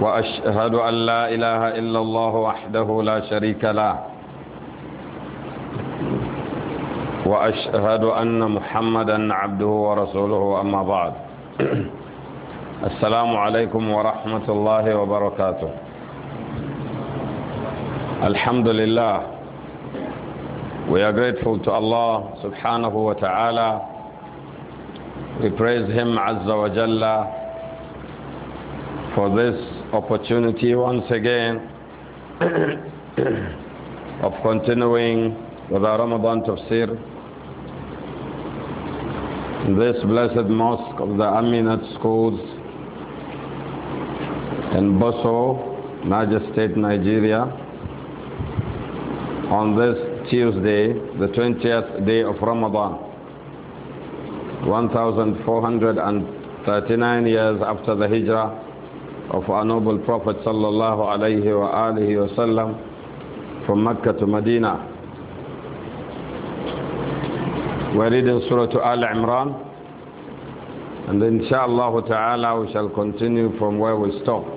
واشهد ان لا اله الا الله وحده لا شريك له واشهد ان محمدا عبده ورسوله اما بعد السلام عليكم ورحمه الله وبركاته الحمد لله we are grateful to Allah subhanahu wa ta'ala we praise him azza wa jalla for this opportunity once again of continuing with our Ramadan tafsir in this blessed mosque of the Aminat schools in Boso, Niger State, Nigeria, on this Tuesday, the 20th day of Ramadan, 1439 years after the Hijrah of our noble Prophet sallallahu alaihi wasallam from Mecca to Medina. We're reading Surah Al Imran, and inshallah ta'ala we shall continue from where we stopped.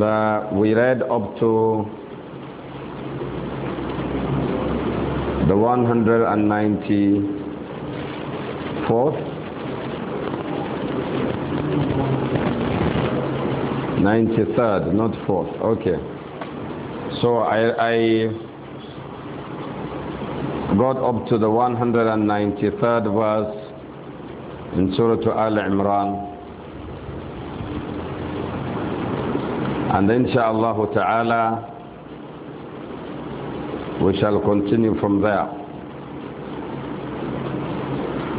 The, we read up to the 194th 93rd, not 4th. Okay. So I, I got up to the 193rd verse in Surah Al Imran. And inshaAllah ta'ala, we shall continue from there.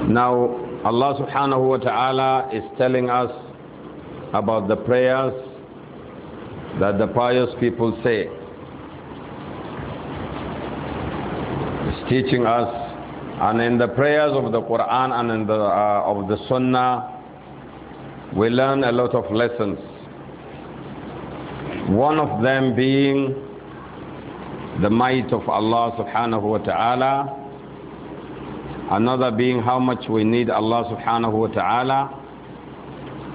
Now, Allah subhanahu wa ta'ala is telling us about the prayers that the pious people say. It's teaching us, and in the prayers of the Quran and in the, uh, of the Sunnah, we learn a lot of lessons. One of them being the might of Allah subhanahu wa ta'ala another being how much we need Allah subhanahu wa ta'ala,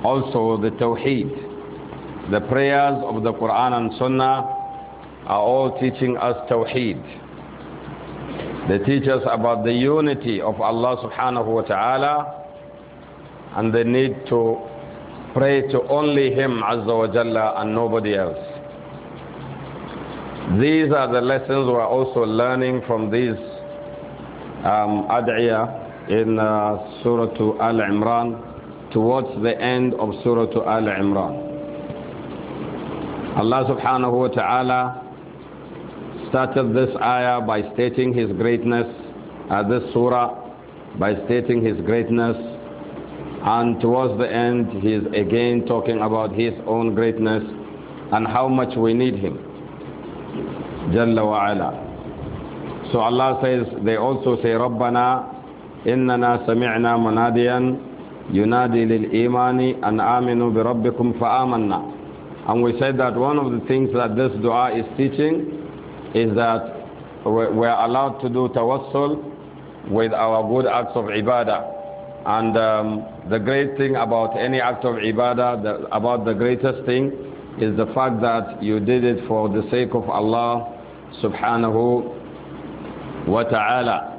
also the tawheed. The prayers of the Quran and Sunnah are all teaching us Tawheed. They teach us about the unity of Allah subhanahu wa ta'ala and the need to pray to only Him Azza wa Jalla and nobody else. These are the lessons we're also learning from these um, ad'iyah in uh, Surah Al-Imran towards the end of Surah Al-Imran. Allah subhanahu wa ta'ala started this ayah by stating his greatness, uh, this surah by stating his greatness, and towards the end he is again talking about his own greatness and how much we need him. Jalla wa ala. So Allah says, they also say, Rabbana innana sami'na munadiyan yunadi lil imani an aminu bi rabbikum fa and we said that one of the things that this dua is teaching is that we're allowed to do tawassul with our good acts of ibadah. And um, the great thing about any act of ibadah, the, about the greatest thing, is the fact that you did it for the sake of Allah subhanahu wa ta'ala.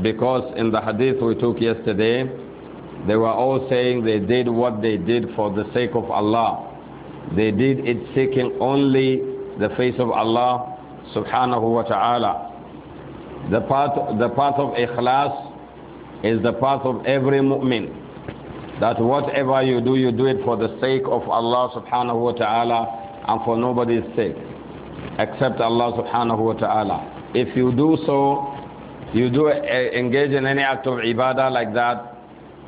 Because in the hadith we took yesterday, they were all saying they did what they did for the sake of Allah. They did it seeking only the face of Allah subhanahu wa ta'ala. The path, the path of ikhlas is the path of every mu'min. That whatever you do, you do it for the sake of Allah subhanahu wa ta'ala and for nobody's sake except Allah subhanahu wa ta'ala. If you do so, you do eh, engage in any act of ibadah like that,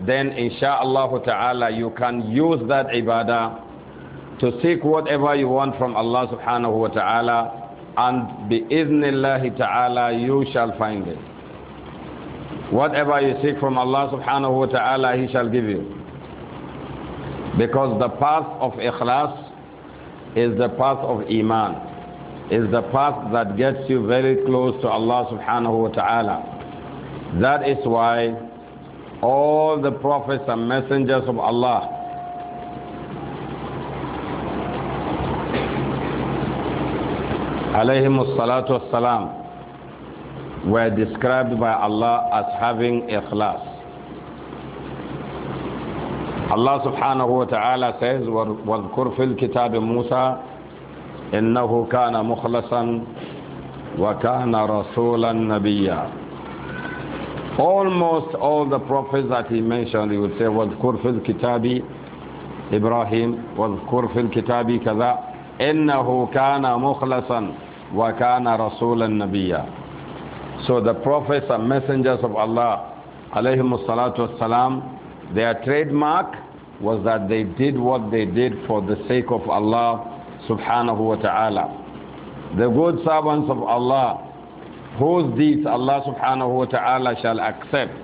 then insha'Allah ta'ala you can use that ibadah to seek whatever you want from Allah subhanahu wa ta'ala and bi idhnillahi ta'ala you shall find it. Whatever you seek from Allah subhanahu wa ta'ala he shall give you. Because the path of ikhlas is the path of iman, is the path that gets you very close to Allah subhanahu wa ta'ala. That is why all the prophets and messengers of Allah alayhim salatu wassalam, were described by Allah as having ikhlas. Allah subhanahu wa ta'ala says, وَاذْكُرْ فِي الْكِتَابِ مُوسَى إِنَّهُ كَانَ مُخْلَصًا وَكَانَ رَسُولًا نَبِيًّا Almost all the prophets that he mentioned, he would say, وَاذْكُرْ فِي الْكِتَابِ Ibrahim, وَاذْكُرْ فِي الْكِتَابِ كَذَا إِنَّهُ كَانَ مُخْلَصًا وَكَانَ رَسُولًا نَبِيًّا So the prophets are messengers of Allah, alayhim salatu wasalam. Their trademark was that they did what they did for the sake of Allah subhanahu wa ta'ala. The good servants of Allah, whose deeds Allah subhanahu wa ta'ala shall accept.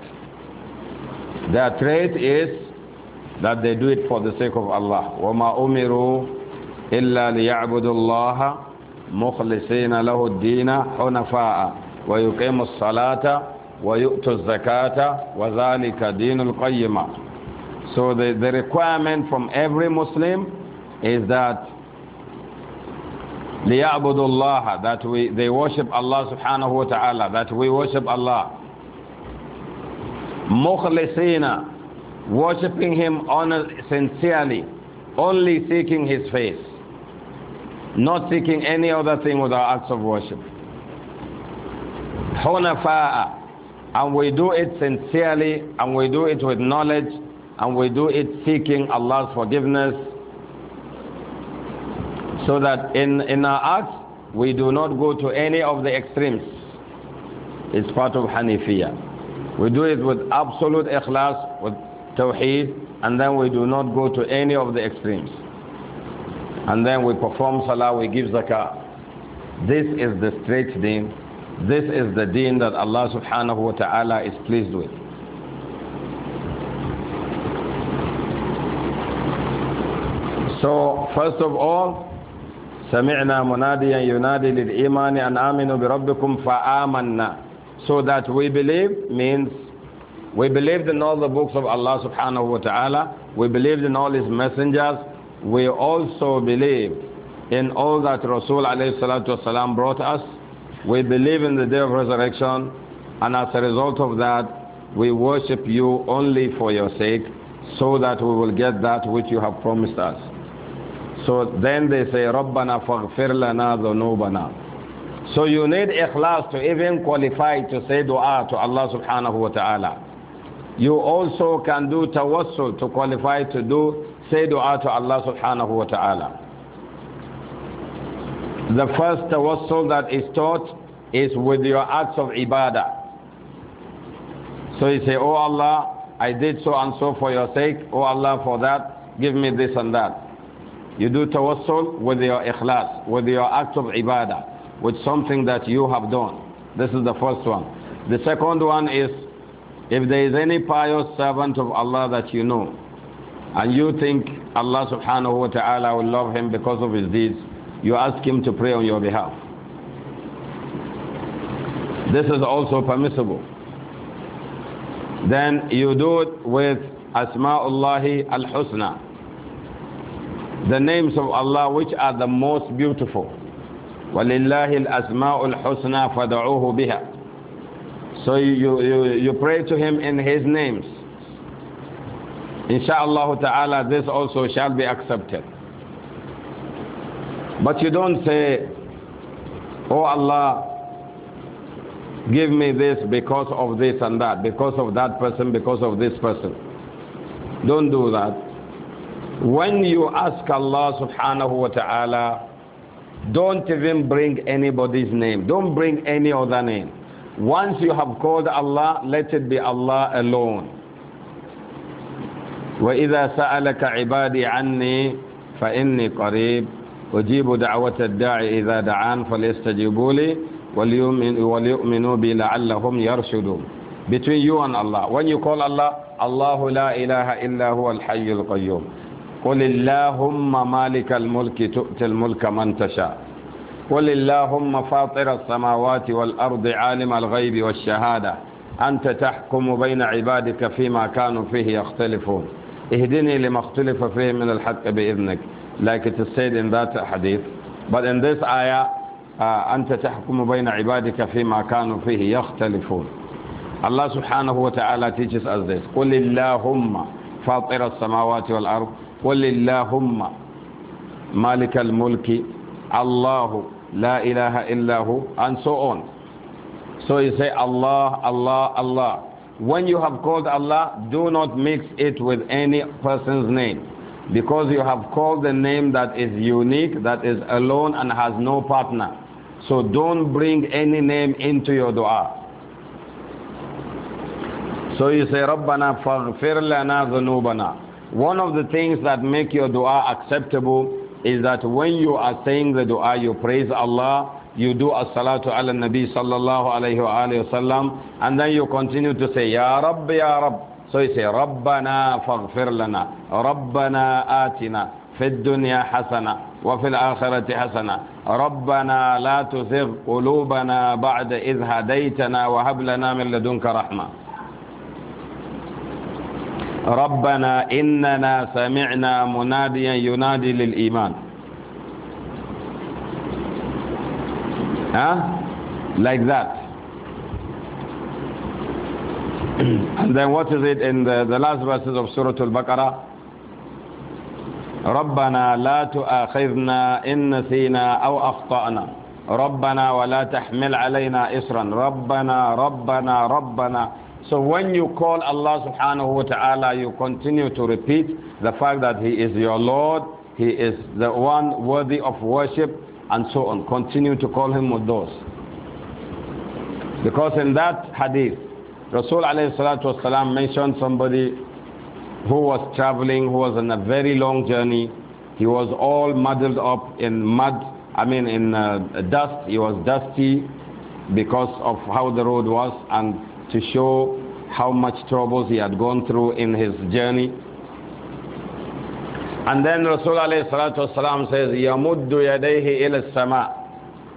Their trait is that they do it for the sake of Allah. وَمَا أُمِرُوا إِلَّا لِيَعْبُدُوا اللَّهَ مخلصين له الدين حنفاء ويقيم الصلاة ويؤت الزكاة وذلك دين القيمة So the, the requirement from every Muslim is that لِيَعْبُدُ اللَّهَ That we, they worship Allah subhanahu wa ta'ala That we worship Allah مُخْلِصِينَ worshiping Him honor, sincerely Only seeking His face not seeking any other thing with our acts of worship. Hunafa'a. And we do it sincerely, and we do it with knowledge, and we do it seeking Allah's forgiveness. So that in, in our acts, we do not go to any of the extremes. It's part of Hanifiya. We do it with absolute ikhlas, with tawheed, and then we do not go to any of the extremes and then we perform salah, we give zakah. This is the straight deen. This is the deen that Allah subhanahu wa ta'ala is pleased with. So, first of all, سمعنا مناديا ينادي للإيمان أن آمنوا بربكم فآمنا so that we believe means we believed in all the books of Allah subhanahu wa ta'ala we believed in all his messengers we also believe in all that Rasul والسلام, brought us. We believe in the day of resurrection, and as a result of that, we worship you only for your sake, so that we will get that which you have promised us. So then they say, رَبَّنَا فَاغْفِرْ لَنَا ذُنُوبَنَا So you need ikhlas to even qualify to say dua to Allah subhanahu wa ta'ala. You also can do tawassul to qualify to do Say dua to Allah subhanahu wa ta'ala. The first tawassul that is taught is with your acts of ibadah. So you say, Oh Allah, I did so and so for your sake. Oh Allah, for that, give me this and that. You do tawassul with your ikhlas, with your act of ibadah, with something that you have done. This is the first one. The second one is if there is any pious servant of Allah that you know, and you think Allah subhanahu wa ta'ala will love him because of his deeds, you ask him to pray on your behalf. This is also permissible. Then you do it with Asma'ullahi al-Husna. The names of Allah which are the most beautiful. وَلِلَّهِ الْأَسْمَاءُ الْحُسْنَى فَدَعُوهُ بِهَا So you, you, you pray to him in his names. Insha'Allah ta'ala, this also shall be accepted. But you don't say, Oh Allah, give me this because of this and that, because of that person, because of this person. Don't do that. When you ask Allah subhanahu wa ta'ala, don't even bring anybody's name. Don't bring any other name. Once you have called Allah, let it be Allah alone. وإذا سألك عبادي عني فإني قريب أجيب دعوة الداعي إذا دعان فليستجيبوا لي وليؤمنوا بي لعلهم يرشدون Between you and Allah. When you call Allah, الله la ilaha illa huwa al-hayyul qayyum. قل اللهم مالك الملك تؤتي الملك من تشاء قل اللهم فاطر السماوات والأرض عالم الغيب والشهادة أنت تحكم بين عبادك فيما كانوا فيه يختلفون اهدني لما اختلف فيه من الحق بإذنك like it is said in that hadith but in this ayah آه، أنت تحكم بين عبادك فيما كانوا فيه يختلفون Allah subhanahu wa ta'ala teaches us this قل اللهم فاطر السماوات والأرض قل اللهم مالك الملك الله لا إله إلا هو and so on so you say Allah Allah Allah When you have called Allah, do not mix it with any person's name. Because you have called the name that is unique, that is alone and has no partner. So don't bring any name into your dua. So you say, "Rabbana فَاغْفِرْ لَنَا One of the things that make your dua acceptable is that when you are saying the dua, you praise Allah you do as-salatu ala nabi sallallahu alayhi wa alayhi wa sallam, and then you continue to say, Ya Rabb, Ya Rabb. So you say, Rabbana faghfir lana, Rabbana atina, fi dunya hasana wa حسنة وفي الآخرة حسنة ربنا لا تزغ قلوبنا بعد إذ هديتنا وهب لنا من لدنك رحمة ربنا إننا سمعنا مناديا ينادي للإيمان Huh? Like that. and then what is it in the, the last verses of Surah Al-Baqarah? ربنا لا تؤاخذنا إن نسينا أو أخطأنا ربنا ولا تحمل علينا إسرا ربنا ربنا ربنا So when you call Allah subhanahu wa ta'ala, you continue to repeat the fact that He is your Lord, He is the one worthy of worship, and so on. Continue to call him with those. Because in that hadith, Rasul والسلام, mentioned somebody who was traveling, who was on a very long journey. He was all muddled up in mud, I mean, in uh, dust. He was dusty because of how the road was and to show how much troubles he had gone through in his journey. And then Rasulullah says, يَمُدُّ yadehi إِلَى sama."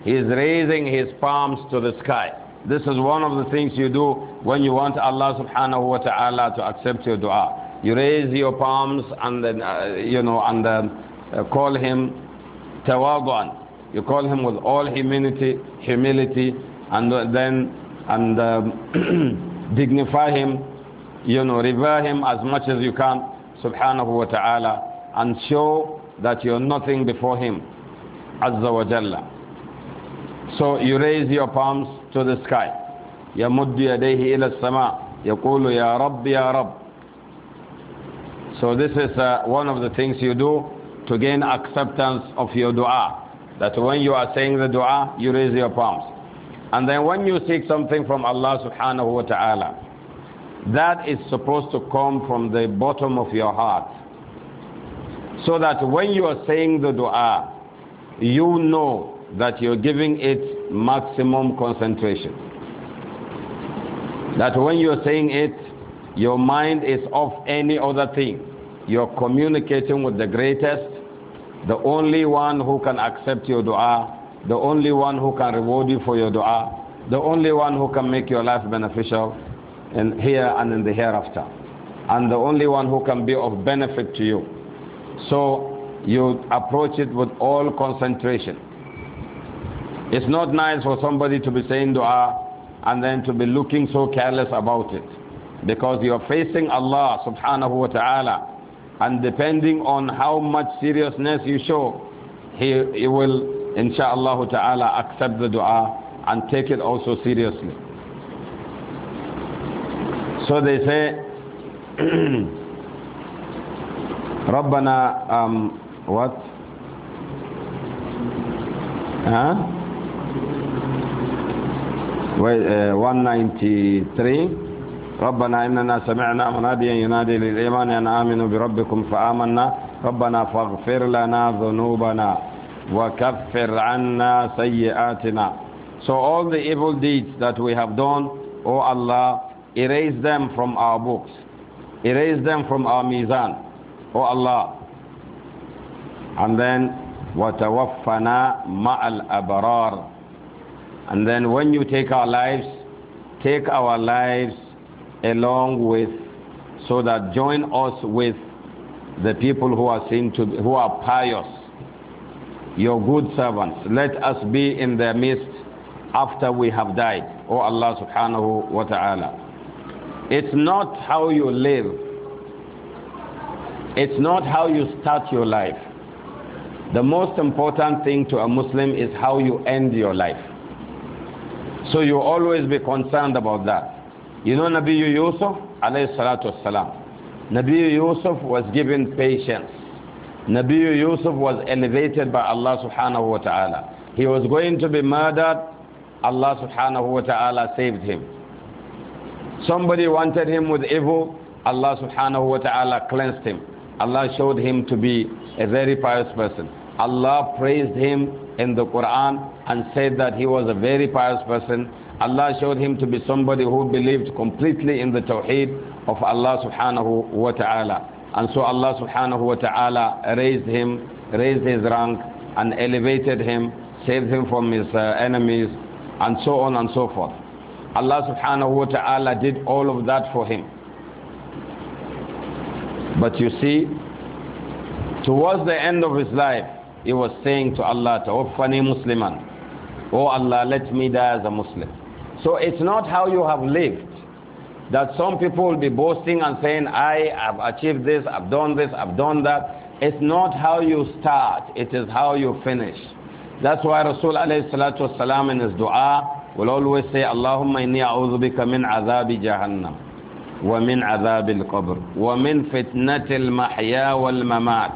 He is raising his palms to the sky. This is one of the things you do when you want Allah subhanahu wa ta'ala to accept your dua. You raise your palms and then, uh, you know, and then uh, call him tawadu'an. You call him with all humility, humility, and then and um, dignify him, you know, revere him as much as you can, subhanahu wa ta'ala and show that you're nothing before Him. Azza wa Jalla. So you raise your palms to the sky. يمد يديه إلى السماء يقول يا رب يا رب So this is uh, one of the things you do to gain acceptance of your dua. That when you are saying the dua, you raise your palms. And then when you seek something from Allah subhanahu wa ta'ala, that is supposed to come from the bottom of your heart. So that when you are saying the dua, you know that you're giving it maximum concentration. That when you're saying it, your mind is off any other thing. You're communicating with the greatest, the only one who can accept your dua, the only one who can reward you for your dua, the only one who can make your life beneficial in here and in the hereafter, and the only one who can be of benefit to you. So you approach it with all concentration. It's not nice for somebody to be saying dua and then to be looking so careless about it. Because you are facing Allah subhanahu wa ta'ala and depending on how much seriousness you show, He, he will insha'Allah ta'ala accept the dua and take it also seriously. So they say, ربنا um, what huh? 193 ربنا إننا سمعنا مناديا ينادي للإيمان أن آمنوا بربكم فآمنا ربنا فاغفر لنا ذنوبنا وكفر عنا سيئاتنا So all the evil deeds that we have done, O oh Allah, erase them from our books. Erase them from our mizan. O oh Allah. And then, وَتَوَفَّنَا مَعَ الْأَبْرَارِ And then when you take our lives, take our lives along with, so that join us with the people who are seen to be, who are pious, your good servants. Let us be in their midst after we have died. O oh Allah subhanahu wa ta'ala. It's not how you live it's not how you start your life. The most important thing to a Muslim is how you end your life. So you always be concerned about that. You know Nabi Yusuf, alayhi salatu wasalam. Nabi Yusuf was given patience. Nabi Yusuf was elevated by Allah subhanahu wa ta'ala. He was going to be murdered. Allah subhanahu wa ta'ala saved him. Somebody wanted him with evil. Allah subhanahu wa ta'ala cleansed him. Allah showed him to be a very pious person. Allah praised him in the Quran and said that he was a very pious person. Allah showed him to be somebody who believed completely in the Tawheed of Allah subhanahu wa ta'ala. And so Allah subhanahu wa ta'ala raised him, raised his rank, and elevated him, saved him from his uh, enemies, and so on and so forth. Allah subhanahu wa ta'ala did all of that for him. But you see, towards the end of his life, he was saying to Allah, Tawaffani Musliman. Oh Allah, let me die as a Muslim. So it's not how you have lived that some people will be boasting and saying, I have achieved this, I've done this, I've done that. It's not how you start, it is how you finish. That's why Rasul Allah in his dua will always say, Allahumma inni a'udhu bika min azabi jahannam. ومن عذاب القبر ومن فتنة المحيا والممات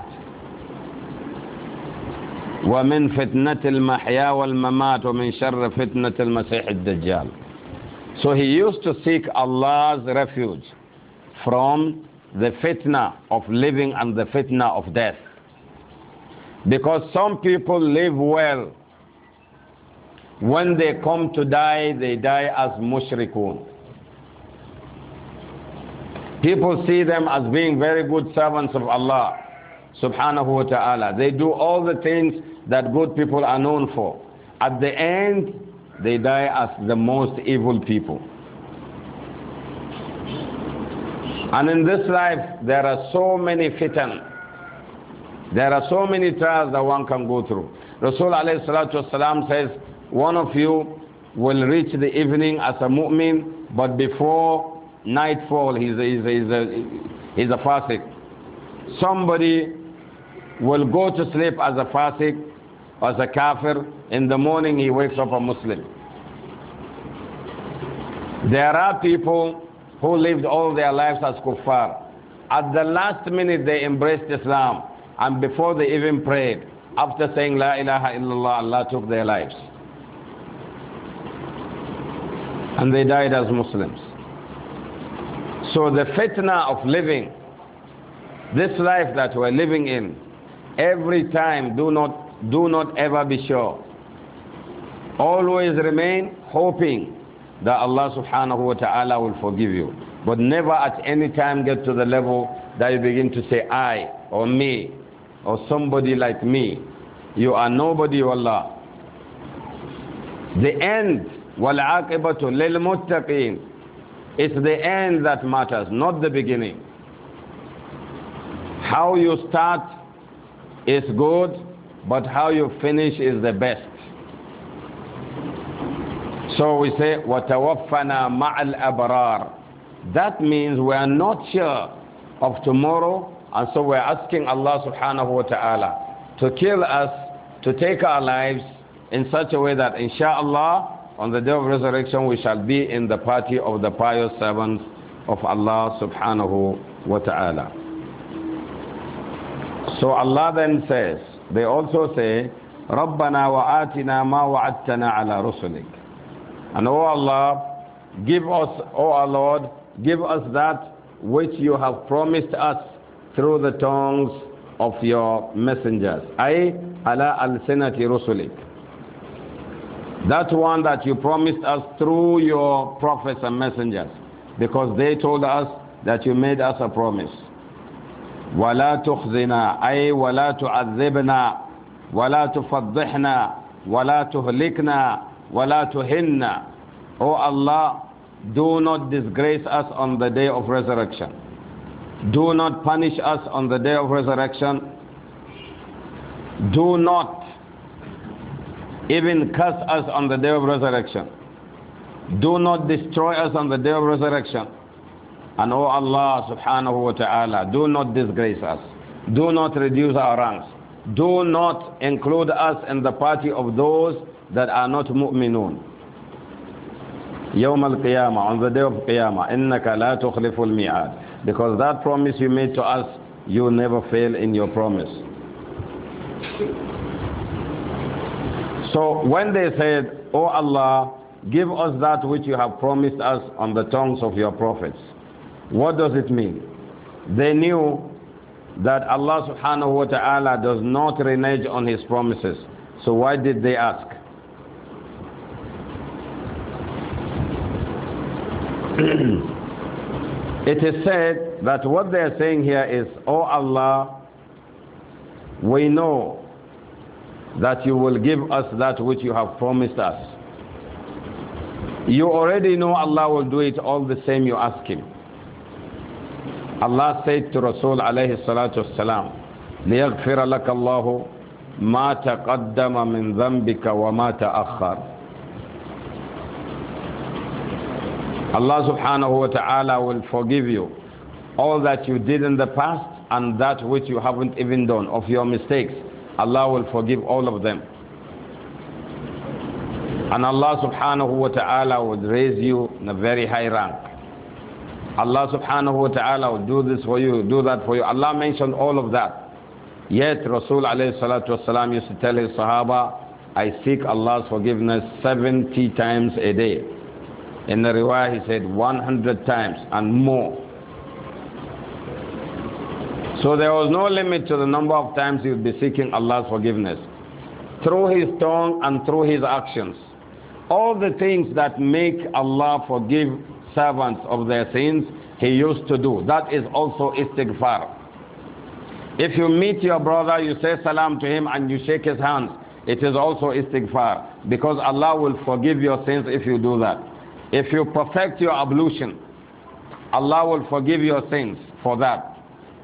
ومن فتنة المحيا والممات ومن شر فتنة المسيح الدجال So he used to seek Allah's refuge from the fitna of living and the fitna of death. Because some people live well. When they come to die, they die as mushrikun. People see them as being very good servants of Allah subhanahu wa ta'ala. They do all the things that good people are known for. At the end, they die as the most evil people. And in this life, there are so many fitan. There are so many trials that one can go through. Rasul والسلام, says, One of you will reach the evening as a mu'min, but before nightfall, he's a, he's a, he's a, he's a fasik. Somebody will go to sleep as a fasik, as a kafir. In the morning, he wakes up a Muslim. There are people who lived all their lives as kuffar. At the last minute, they embraced Islam. And before they even prayed, after saying La ilaha illallah, Allah took their lives. And they died as Muslims. So the fitna of living, this life that we're living in, every time do not, do not ever be sure. Always remain hoping that Allah subhanahu wa ta'ala will forgive you. But never at any time get to the level that you begin to say I or me or somebody like me. You are nobody, Allah. The end, وَالْعَاقِبَةُ لِلْمُتَّقِينَ it's the end that matters, not the beginning. How you start is good, but how you finish is the best. So we say, وَتَوَفَّنَا مَعَ الْأَبْرَارِ That means we are not sure of tomorrow, and so we're asking Allah subhanahu wa ta'ala to kill us, to take our lives in such a way that, inshallah, on the day of resurrection, we shall be in the party of the pious servants of Allah subhanahu wa ta'ala. So Allah then says, they also say, رَبَّنَا وَآتِنَا مَا وَعَدْتَنَا عَلَى رُسُلِكَ And O oh Allah, give us, O oh our Lord, give us that which you have promised us through the tongues of your messengers. أي على ألسنة رسلك that one that you promised us through your prophets and messengers, because they told us that you made us a promise. وَلَا تُخْزِنَا أي وَلَا تُعَذِّبْنَا وَلَا تُفَضِّحْنَا وَلَا تُهْلِكْنَا وَلَا تُهِنَّا O Allah, do not disgrace us on the day of resurrection. Do not punish us on the day of resurrection. Do not even curse us on the day of resurrection. Do not destroy us on the day of resurrection. And O oh Allah subhanahu wa ta'ala, do not disgrace us. Do not reduce our ranks. Do not include us in the party of those that are not mu'minun. al-Qiyamah, on the day of Qiyamah, إنك لا تخلف mi'ad. because that promise you made to us you never fail in your promise so when they said, O oh Allah, give us that which you have promised us on the tongues of your prophets, what does it mean? They knew that Allah subhanahu wa ta'ala does not renege on his promises. So why did they ask? it is said that what they are saying here is, O oh Allah, we know that you will give us that which you have promised us. You already know Allah will do it all the same you ask Him. Allah said to Rasul alayhi salatu wasalam, لِيَغْفِرَ لَكَ اللَّهُ مَا تَقَدَّمَ مِنْ ذَنْبِكَ وَمَا تَأَخَّرَ Allah subhanahu wa ta'ala will forgive you all that you did in the past and that which you haven't even done of your mistakes Allah will forgive all of them. And Allah subhanahu wa ta'ala will raise you in a very high rank. Allah subhanahu wa ta'ala will do this for you, do that for you. Allah mentioned all of that. Yet Rasul alayhi salatu wasalam used to tell his Sahaba, I seek Allah's forgiveness 70 times a day. In the riwayah he said 100 times and more. So there was no limit to the number of times he would be seeking Allah's forgiveness through his tongue and through his actions. All the things that make Allah forgive servants of their sins, he used to do. That is also istighfar. If you meet your brother, you say salam to him and you shake his hands. It is also istighfar because Allah will forgive your sins if you do that. If you perfect your ablution, Allah will forgive your sins for that.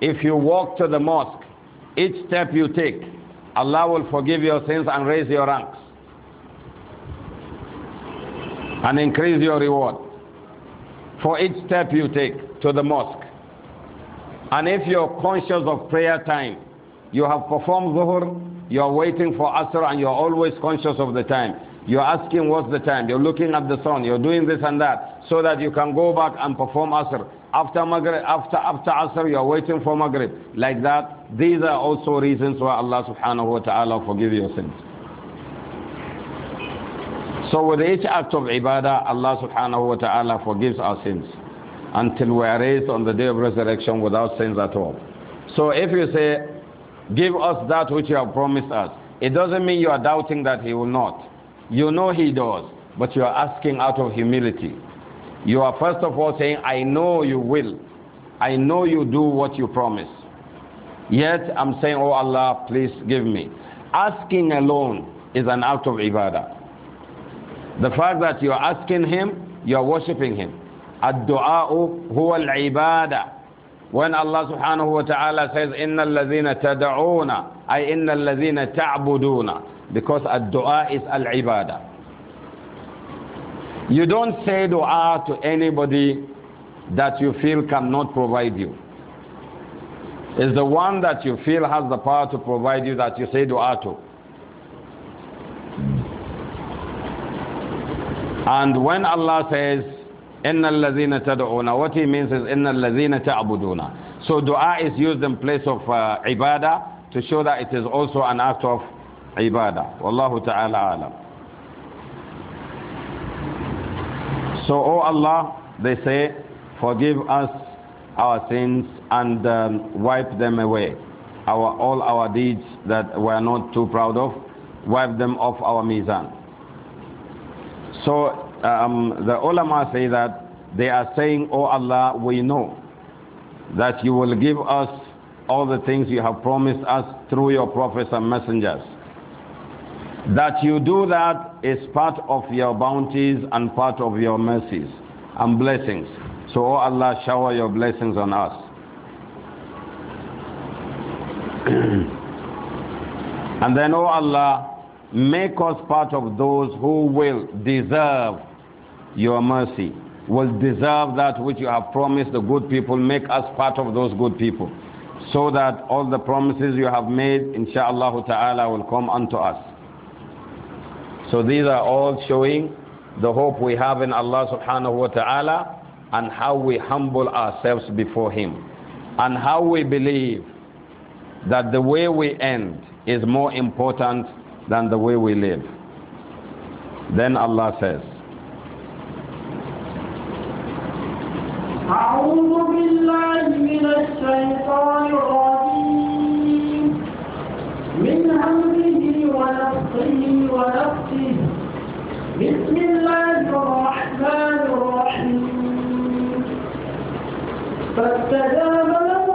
If you walk to the mosque, each step you take, Allah will forgive your sins and raise your ranks and increase your reward for each step you take to the mosque. And if you're conscious of prayer time, you have performed zuhur, you're waiting for asr, and you're always conscious of the time. You're asking what's the time, you're looking at the sun, you're doing this and that, so that you can go back and perform asr. After Maghrib, after, after Asr, you are waiting for Maghrib. Like that, these are also reasons why Allah subhanahu wa ta'ala forgive your sins. So with each act of ibadah, Allah subhanahu wa ta'ala forgives our sins until we are raised on the day of resurrection without sins at all. So if you say, give us that which you have promised us, it doesn't mean you are doubting that he will not. You know he does, but you are asking out of humility. You are first of all saying, I know you will. I know you do what you promise. Yet I'm saying, Oh Allah, please give me. Asking alone is an act of ibadah. The fact that you are asking Him, you are worshipping Him. Ad-du'a'u huwa al-ibadah. When Allah subhanahu wa ta'ala says, Inna الَّذِينَ تَدَعُونَ أي إِنَّ الَّذِينَ تَعْبُدُونَ Because ad-du'a is al-ibadah. You don't say dua to anybody that you feel cannot provide you. It's the one that you feel has the power to provide you that you say dua to. And when Allah says, إِنَّ الَّذِينَ تَدْعُونَ What he means is, إِنَّ الَّذِينَ تَعْبُدُونَ So dua is used in place of uh, ibadah to show that it is also an act of ibadah. Wallahu ta'ala alam. So, O oh Allah, they say, forgive us our sins and um, wipe them away. Our, all our deeds that we are not too proud of, wipe them off our mizan. So um, the ulama say that they are saying, O oh Allah, we know that you will give us all the things you have promised us through your prophets and messengers. That you do that is part of your bounties and part of your mercies and blessings. So, oh Allah, shower your blessings on us. and then, oh Allah, make us part of those who will deserve your mercy, will deserve that which you have promised the good people. Make us part of those good people so that all the promises you have made, inshaAllah ta'ala, will come unto us. So these are all showing the hope we have in Allah subhanahu wa ta'ala and how we humble ourselves before Him and how we believe that the way we end is more important than the way we live. Then Allah says, أعوذ بالله من الشيطان الرجيم من همزه ونفسه ونفسه بسم الله الرحمن الرحيم فاستجاب له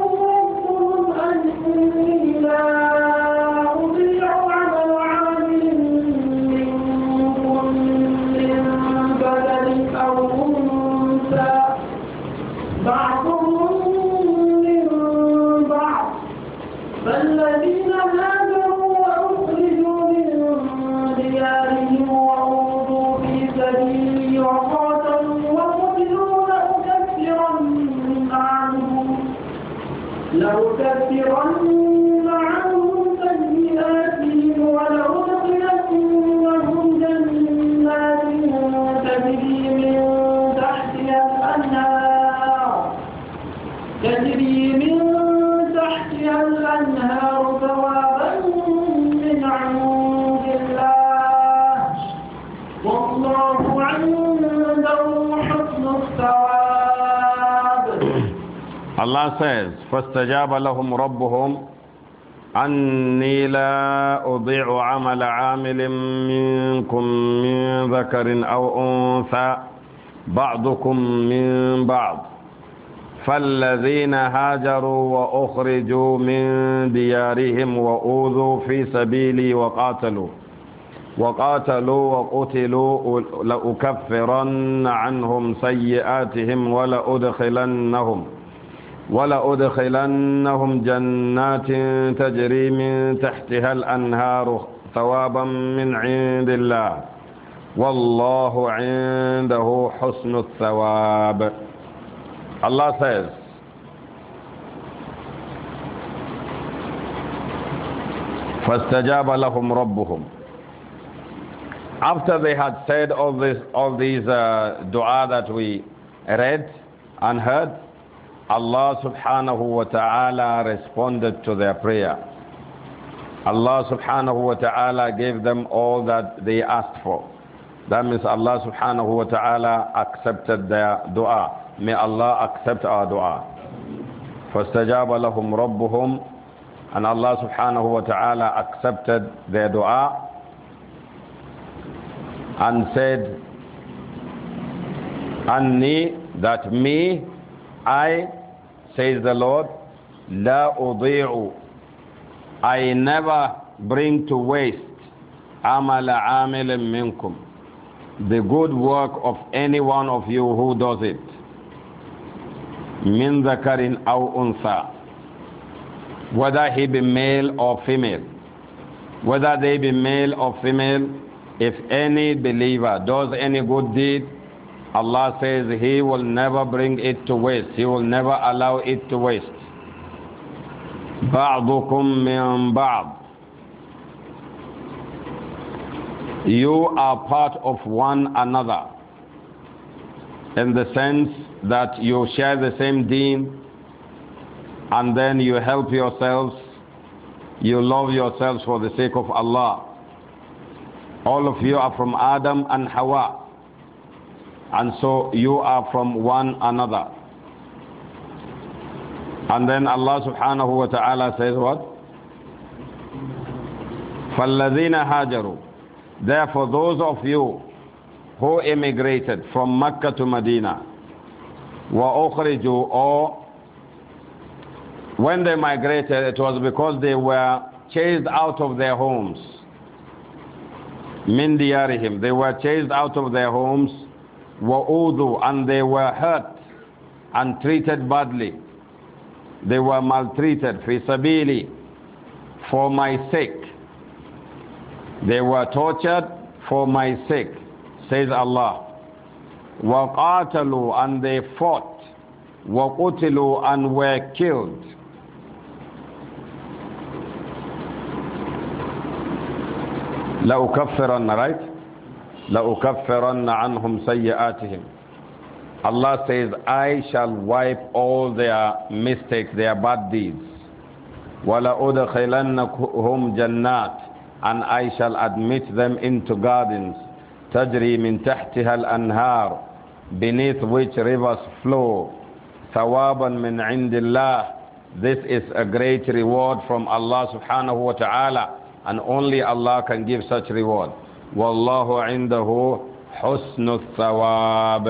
لنكفرن says, فَاسْتَجَابَ لَهُمْ رَبُّهُمْ أَنِّي لَا أُضِيعُ عَمَلَ عَامِلٍ مِّنكُم مِّن ذَكَرٍ أَوْ أُنثَىٰ بَعْضُكُم مِّن بَعْضٍ فالذين هاجروا وأخرجوا من ديارهم وأوذوا في سبيلي وقاتلوا وقاتلوا وقتلوا لأكفرن عنهم سيئاتهم ولأدخلنهم ولأدخلنهم جنات تجري من تحتها الأنهار ثوابا من عند الله والله عنده حسن الثواب الله says فاستجاب لهم ربهم After they had said all this all these uh, dua that we read and heard Allah subhanahu wa ta'ala responded to their prayer. Allah subhanahu wa ta'ala gave them all that they asked for. That means Allah subhanahu wa ta'ala accepted their dua. May Allah accept our dua. فَاسْتَجَابَ لَهُمْ رَبُّهُمْ And Allah subhanahu wa ta'ala accepted their dua and said, Anni, that me, I, says the Lord, La أضيع. I never bring to waste amala amilin منكم The good work of any one of you who does it. من zakarin أو أنثى. Whether he be male or female. Whether they be male or female, if any believer does any good deed, Allah says He will never bring it to waste. He will never allow it to waste. بَعْضُكُمْ مِنْ بَعْضٍ You are part of one another in the sense that you share the same deen and then you help yourselves, you love yourselves for the sake of Allah. All of you are from Adam and Hawa and so you are from one another. And then Allah subhanahu wa ta'ala says what? فَالَّذِينَ هَاجَرُوا Therefore those of you who immigrated from Mecca to Medina وَأُخْرِجُوا or when they migrated it was because they were chased out of their homes. مِنْ دِيَارِهِمْ They were chased out of their homes وَأُوذُوا And they were hurt and treated badly. They were maltreated. فِي For my sake. They were tortured for my sake, says Allah. Waqatalu And they fought. وَقُتِلُوا And were killed. لَأُكَفِّرَنَّ Right? لأكفرن عنهم سيئاتهم Allah says, I shall wipe all their mistakes, their bad deeds. وَلَأُدْخِلَنَّهُمْ جَنَّاتٍ And I shall admit them into gardens, تَجْرِي مِنْ تَحْتِهَا الْأَنْهَارُ Beneath which rivers flow. ثَوَابًا مِنْ عِنْدِ اللَّهِ This is a great reward from Allah subhanahu wa ta'ala. And only Allah can give such reward. Wallahu indahu husnul thawab.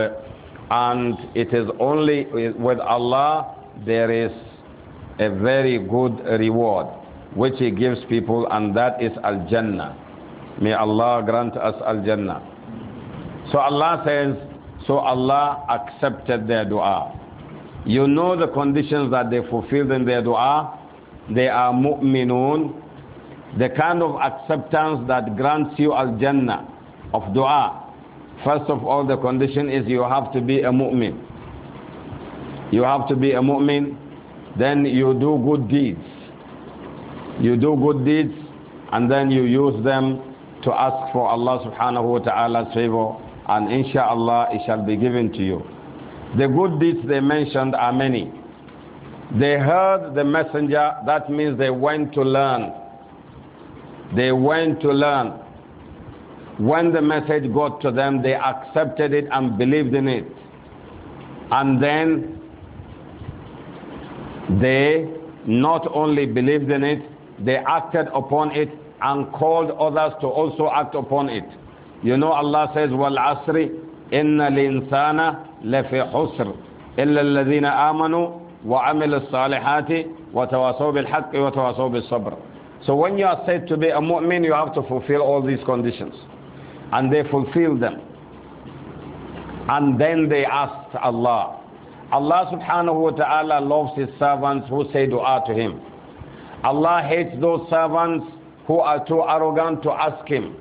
And it is only with Allah there is a very good reward which He gives people, and that is Al Jannah. May Allah grant us Al Jannah. So Allah says, So Allah accepted their dua. You know the conditions that they fulfilled in their dua. They are mu'minun, the kind of acceptance that grants you Al Jannah of dua. First of all, the condition is you have to be a mu'min. You have to be a mu'min, then you do good deeds. You do good deeds, and then you use them to ask for Allah subhanahu wa ta'ala's favor, and insha'Allah it shall be given to you. The good deeds they mentioned are many. They heard the messenger, that means they went to learn they went to learn. When the message got to them, they accepted it and believed in it. And then they not only believed in it, they acted upon it and called others to also act upon it. You know, Allah says, Wal Asri, Inna linsana lafi husr, illa ladina amanu wa amilu salihati wa tawasaw bil haqqi wa tawasaw bil sabr. So when you are said to be a mu'min, you have to fulfill all these conditions. And they fulfill them. And then they asked Allah. Allah subhanahu wa ta'ala loves his servants who say dua to him. Allah hates those servants who are too arrogant to ask him.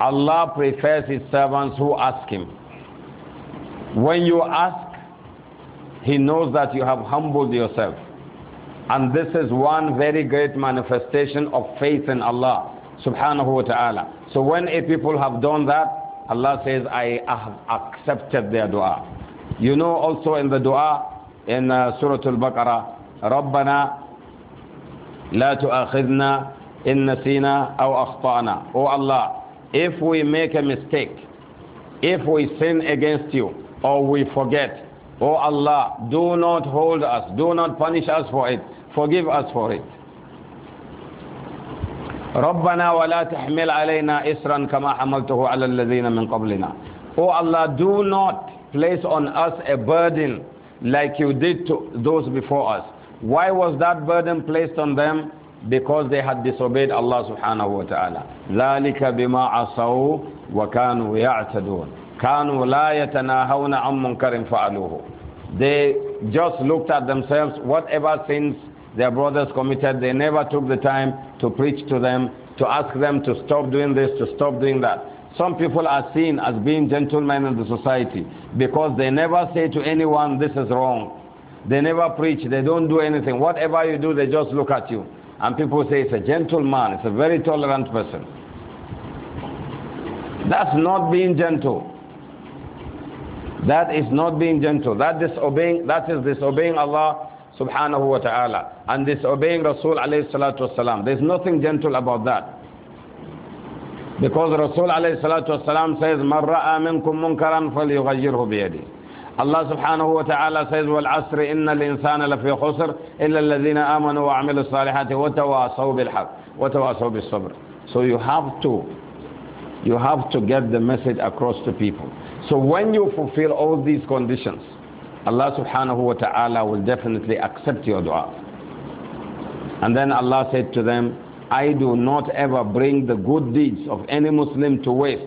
Allah prefers his servants who ask him. When you ask, he knows that you have humbled yourself. And this is one very great manifestation of faith in Allah subhanahu wa ta'ala. So when a people have done that, Allah says, I have accepted their dua. You know also in the dua in uh, Surah Al-Baqarah, رَبَّنَا لَا تُؤَخِذْنَا إِن نَسِينَا أَوْ أَخْطَأْنَا O Allah, if we make a mistake, if we sin against you, or we forget, Oh Allah, do not hold us, do not punish us for it, forgive us for it. ربنا ولا تحمل علينا إسرا كما حملته على الذين من قبلنا Oh Allah, do not place on us a burden like you did to those before us. Why was that burden placed on them? Because they had disobeyed Allah subhanahu wa ta'ala. ذَلِكَ بِمَا عَصَوْا وَكَانُوا يَعْتَدُونَ كانوا لا يتناهون عن منكر فعلوه they just looked at themselves whatever sins their brothers committed they never took the time to preach to them to ask them to stop doing this to stop doing that some people are seen as being gentlemen in the society because they never say to anyone this is wrong they never preach they don't do anything whatever you do they just look at you and people say it's a gentleman it's a very tolerant person that's not being gentle that is not being gentle. That, disobeying, that is disobeying Allah subhanahu wa ta'ala and disobeying Rasul alayhi salatu wasalam. There's nothing gentle about that. Because Rasul alayhi salatu wasalam says, مَنْ رَأَى مِنْكُمْ مُنْكَرًا فَلْيُغَيِّرْهُ بِيَدِهِ Allah subhanahu wa ta'ala says, وَالْعَصْرِ إِنَّ الْإِنسَانَ لَفِي خُسْرٍ إِلَّا الَّذِينَ wa وَعَمِلُوا الصَّالِحَاتِ وَتَوَاصَوْا بِالْحَقِّ وَتَوَاصَوْا بِالصَّبْرِ So you have to, you have to get the message across to people. So when you fulfill all these conditions, Allah subhanahu wa ta'ala will definitely accept your dua. And then Allah said to them, I do not ever bring the good deeds of any Muslim to waste.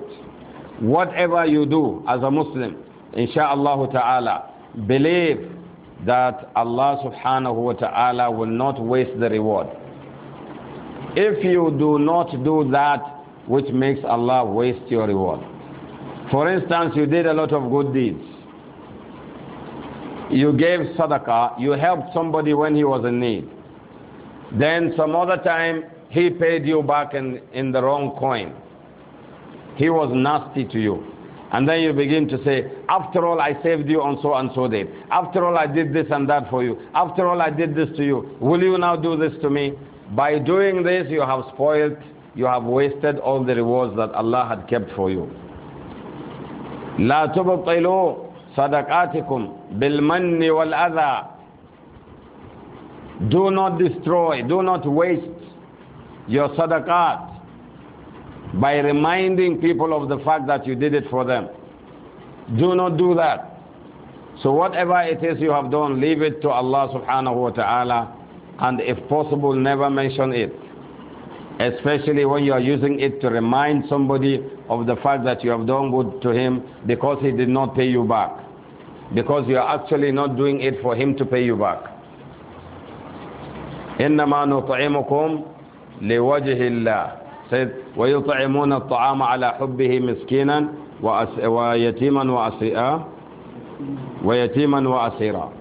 Whatever you do as a Muslim, insha'Allah ta'ala, believe that Allah subhanahu wa ta'ala will not waste the reward. If you do not do that which makes Allah waste your reward, for instance, you did a lot of good deeds. You gave sadaqah, you helped somebody when he was in need. Then some other time, he paid you back in, in the wrong coin. He was nasty to you. And then you begin to say, After all, I saved you on so and so day. After all, I did this and that for you. After all, I did this to you. Will you now do this to me? By doing this, you have spoiled, you have wasted all the rewards that Allah had kept for you. لا تبطلوا صدقاتكم بالمن والأذى Do not destroy, do not waste your sadaqat by reminding people of the fact that you did it for them. Do not do that. So whatever it is you have done, leave it to Allah subhanahu wa ta'ala and if possible never mention it. Especially when you are using it to remind somebody of the fact that you have done good to him because he did not pay you back. Because you are actually not doing it for him to pay you back. إنما نطعمكم لوجه الله said ويطعمون الطعام على حبه مسكينا ويتيما وأسيرا ويتيما وأسيرا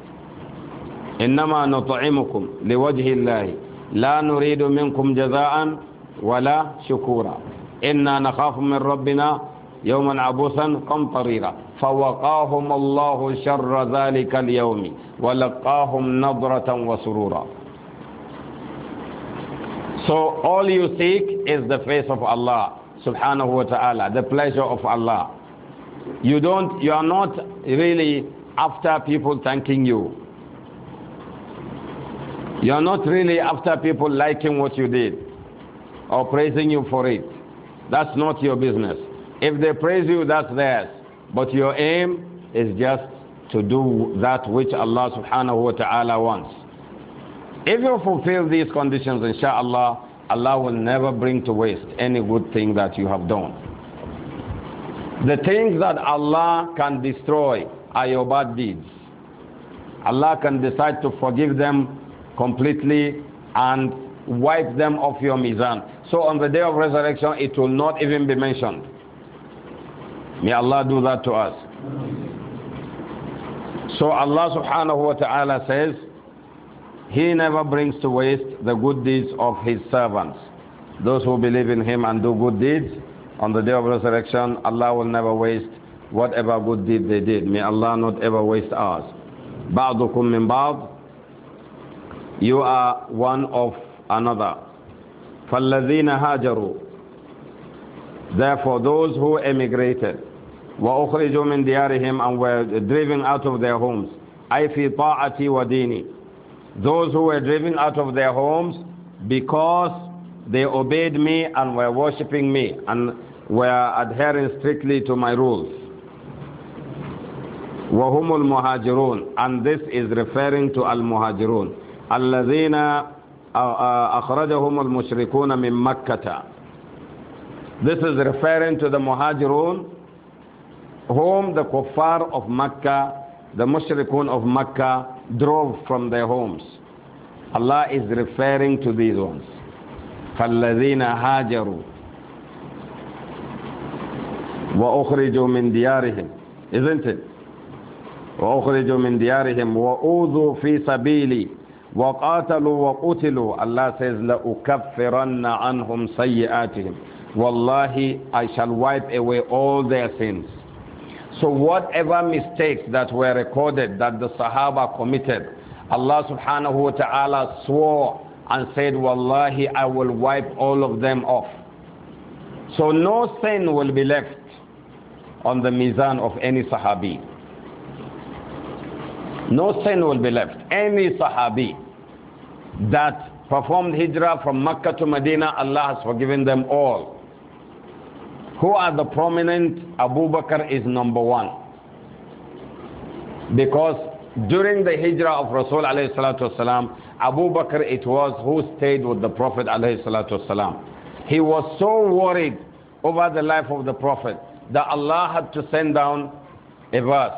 إنما نطعمكم لوجه الله لا نريد منكم جزاء ولا شكورا إنا نخاف من ربنا يوما عبوسا قمطريرا فوقاهم الله شر ذلك اليوم ولقاهم نظرة وسرورا So all you seek is the face of Allah subhanahu wa ta'ala, the pleasure of Allah. You don't, you are not really after people thanking you. You are not really after people liking what you did or praising you for it. That's not your business. If they praise you, that's theirs. But your aim is just to do that which Allah subhanahu wa ta'ala wants. If you fulfill these conditions, inshallah, Allah will never bring to waste any good thing that you have done. The things that Allah can destroy are your bad deeds. Allah can decide to forgive them completely and wipe them off your mizan. So on the day of resurrection, it will not even be mentioned. May Allah do that to us. So Allah subhanahu wa ta'ala says, He never brings to waste the good deeds of His servants. Those who believe in Him and do good deeds, on the day of resurrection, Allah will never waste whatever good deed they did. May Allah not ever waste ours. بَعْضُكُم مِّن بَعْض You are one of another. فَالَّذِينَ هَاجَرُوا Therefore those who emigrated وَأُخْرِجُوا مِنْ دِيَارِهِمْ and were driven out of their homes أي في طاعتي وديني Those who were driven out of their homes because they obeyed me and were worshipping me and were adhering strictly to my rules. وهم المهاجرون and this is referring to al-muhajirun الذين أخرجهم المشركون من مكة This is referring to the Muhajirun whom the kuffar of Mecca, the mushrikun of Mecca drove from their homes. Allah is referring to these ones. فَالَّذِينَ هَاجَرُوا وَأُخْرِجُوا مِنْ دِيَارِهِمْ Isn't it? وَأُخْرِجُوا مِنْ دِيَارِهِمْ وَأُوذُوا فِي سَبِيلِي وَقَاتَلُوا وَقُتِلُوا Allah says, لَأُكَفِّرَنَّ عَنْهُمْ سَيِّئَاتِهِمْ Wallahi, I shall wipe away all their sins. So whatever mistakes that were recorded that the Sahaba committed, Allah subhanahu wa ta'ala swore and said, Wallahi, I will wipe all of them off. So no sin will be left on the mizan of any Sahabi. No sin will be left. Any Sahabi that performed hijrah from Mecca to Medina, Allah has forgiven them all. Who are the prominent? Abu Bakr is number one. Because during the hijrah of Rasul alayhi salatu wasalam, Abu Bakr it was who stayed with the Prophet alayhi salatu wasalam. He was so worried over the life of the Prophet that Allah had to send down a verse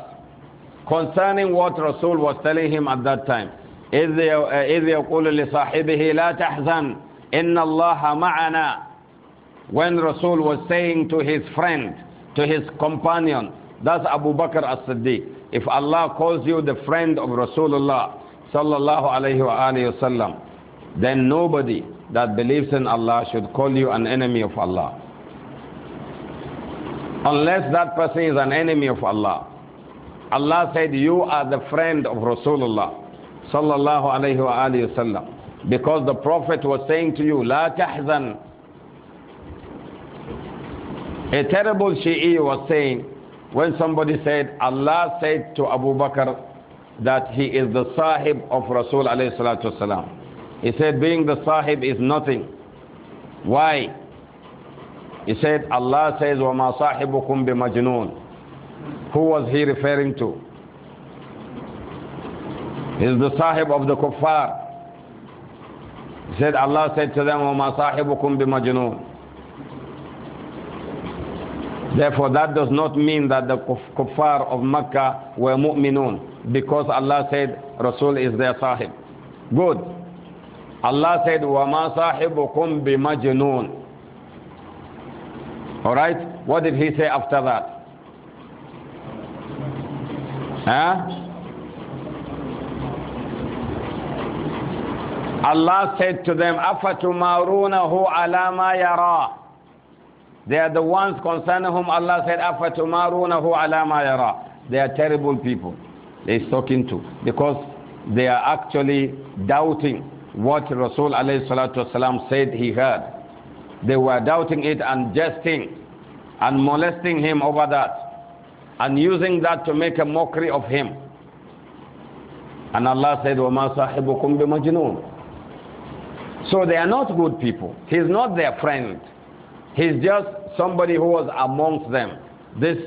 concerning what Rasul was telling him at that time. إذ يقول لصاحبه لا تحزن إن الله معنا when Rasul was saying to his friend to his companion that's Abu Bakr as-Siddiq if Allah calls you the friend of Rasulullah sallallahu alaihi wa wasallam then nobody that believes in Allah should call you an enemy of Allah unless that person is an enemy of Allah Allah said you are the friend of Rasulullah sallallahu alayhi wa alayhi wasallam. Because the Prophet was saying to you, La tahzan. A terrible Shi'i was saying, when somebody said, Allah said to Abu Bakr that he is the sahib of Rasul alayhi salatu wasalam. He said, being the sahib is nothing. Why? He said, Allah says, وَمَا صَاحِبُكُمْ بِمَجْنُونَ Who was he referring to? is the sahib of the kuffar. He said, Allah said to them, وَمَا صَاحِبُكُمْ بِمَجْنُونَ Therefore, that does not mean that the kuffar of Mecca were mu'minun, because Allah said, Rasul is their sahib. Good. Allah said, وَمَا صَاحِبُكُمْ بِمَجْنُونَ Alright? What did he say after that? Huh? Allah said to them, أَفَتُمَارُونَهُ عَلَى alama yara." They are the ones concerning whom Allah said, أَفَتُمَارُونَهُ عَلى alama yara." They are terrible people. They are talking to because they are actually doubting what Rasul والسلام, said he heard. They were doubting it and jesting and molesting him over that and using that to make a mockery of him. And Allah said, وَمَا صَاحِبُكُمْ بِمَجْنُونَ so they are not good people. He's not their friend. He's just somebody who was amongst them. This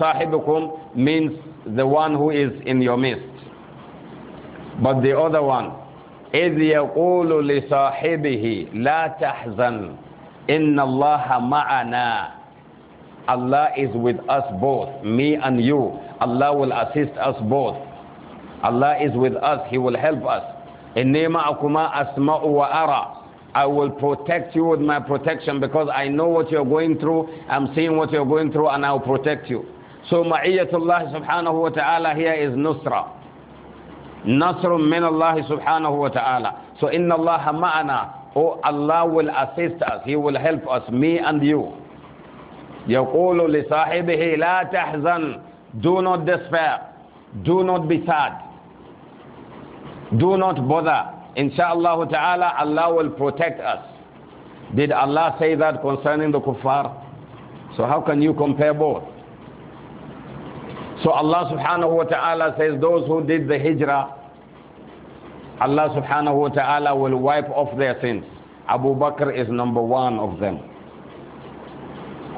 sahibukum means the one who is in your midst. But the other one, إذ يقول لصاحبه لا تحزن إن الله معنا Allah is with us both, me and you. Allah will assist us both. Allah is with us, He will help us. إِنِّي asma wa ara. I will protect you with my protection because I know what you're going through, I'm seeing what you're going through, and I'll protect you. So ma'iyatullah subhanahu wa ta'ala here is nusra. Nasrun min Allah subhanahu wa ta'ala. So inna Allah ma'ana. Oh, Allah will assist us. He will help us, me and you. يقول لصاحبه لا تحزن. Do not despair. Do not be sad. Do not bother. Insha'Allah ta'ala, Allah will protect us. Did Allah say that concerning the kuffar? So how can you compare both? So Allah subhanahu wa ta'ala says those who did the hijrah, Allah subhanahu wa ta'ala will wipe off their sins. Abu Bakr is number one of them.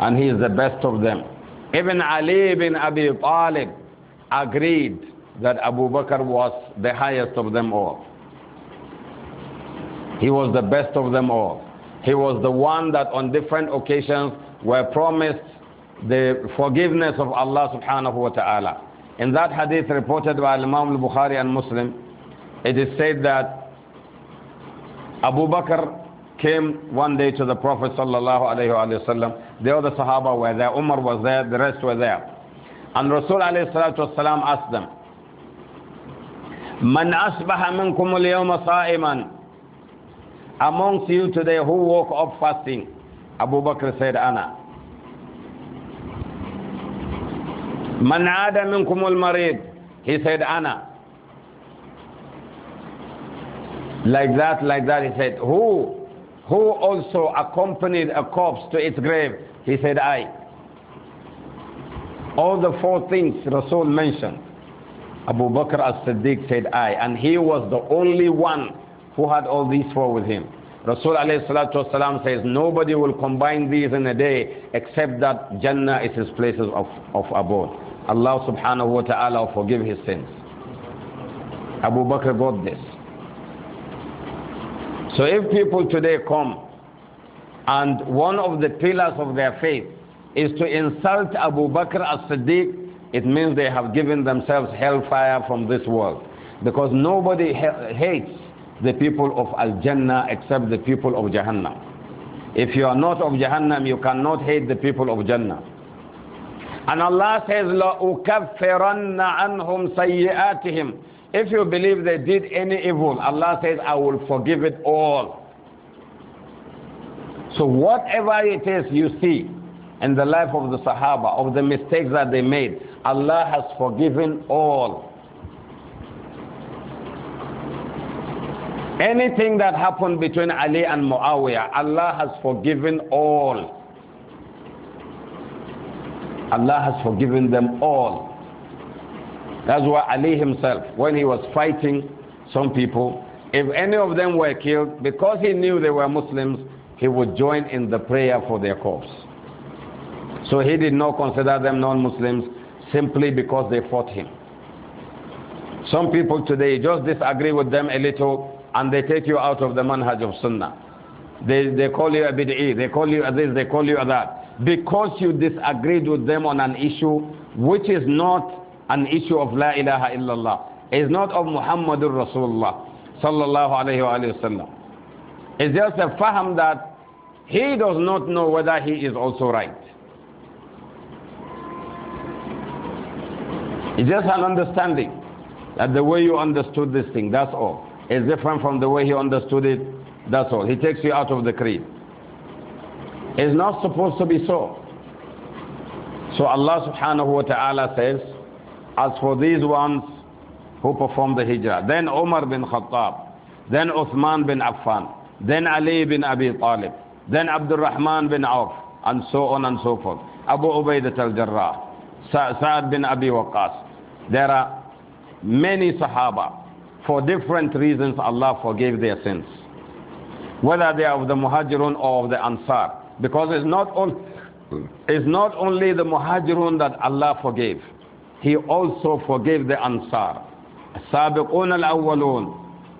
And he is the best of them. Even Ali bin Abi Talib agreed that Abu Bakr was the highest of them all. He was the best of them all. He was the one that on different occasions were promised the forgiveness of Allah subhanahu wa ta'ala. In that hadith reported by Imam al-Bukhari and Muslim, it is said that Abu Bakr came one day to the Prophet sallallahu alayhi wasallam. The other Sahaba were there, Umar was there, the rest were there. And Rasul alayhi salatu asked them, من asbaha منكم اليوم yawma Amongst you today who woke up fasting? Abu Bakr said, Ana. من عاد منكم المريض. He said, Ana. Like that, like that, he said, Who? Who also accompanied a corpse to its grave? He said, I. All the four things Rasul mentioned. Abu Bakr as-Siddiq said, I. And he was the only one who had all these four with him. Rasul والسلام, says, Nobody will combine these in a day except that Jannah is his places of, of abode. Allah subhanahu wa ta'ala forgive his sins. Abu Bakr got this. So if people today come and one of the pillars of their faith is to insult Abu Bakr as Siddiq, it means they have given themselves hellfire from this world. Because nobody hates the people of Al Jannah except the people of Jahannam. If you are not of Jahannam, you cannot hate the people of Jannah. And Allah says, لَأُكَفِّرَنَّ عَنْهُمْ سَيِّئَاتِهِمْ If you believe they did any evil, Allah says, I will forgive it all. So whatever it is you see in the life of the Sahaba, of the mistakes that they made, Allah has forgiven all. Anything that happened between Ali and Muawiyah, Allah has forgiven all. Allah has forgiven them all. That's why Ali himself, when he was fighting some people, if any of them were killed, because he knew they were Muslims, he would join in the prayer for their cause. So he did not consider them non Muslims simply because they fought him. Some people today just disagree with them a little and they take you out of the manhaj of sunnah. They, they call you a bid'i, they call you a this, they call you a that. Because you disagreed with them on an issue which is not an issue of la ilaha illallah. It's not of Muhammadur Rasulullah sallallahu alayhi wa sallam. It's just a faham that he does not know whether he is also right. It's just an understanding that the way you understood this thing, that's all, is different from the way he understood it, that's all. He takes you out of the creed. It's not supposed to be so. So Allah subhanahu wa ta'ala says, As for these ones who performed the hijrah, then Umar bin Khattab, then Uthman bin Affan, then Ali bin Abi Talib, then Abdul Rahman bin Auf, and so on and so forth. Abu Ubaidat al-Jarrah, Sa'ad bin Abi Waqqas. There are many Sahaba. For different reasons, Allah forgave their sins. Whether they are of the Muhajirun or of the Ansar. Because it's not, on, it's not only the Muhajirun that Allah forgave. He also forgave the Ansar. السابقون الأولون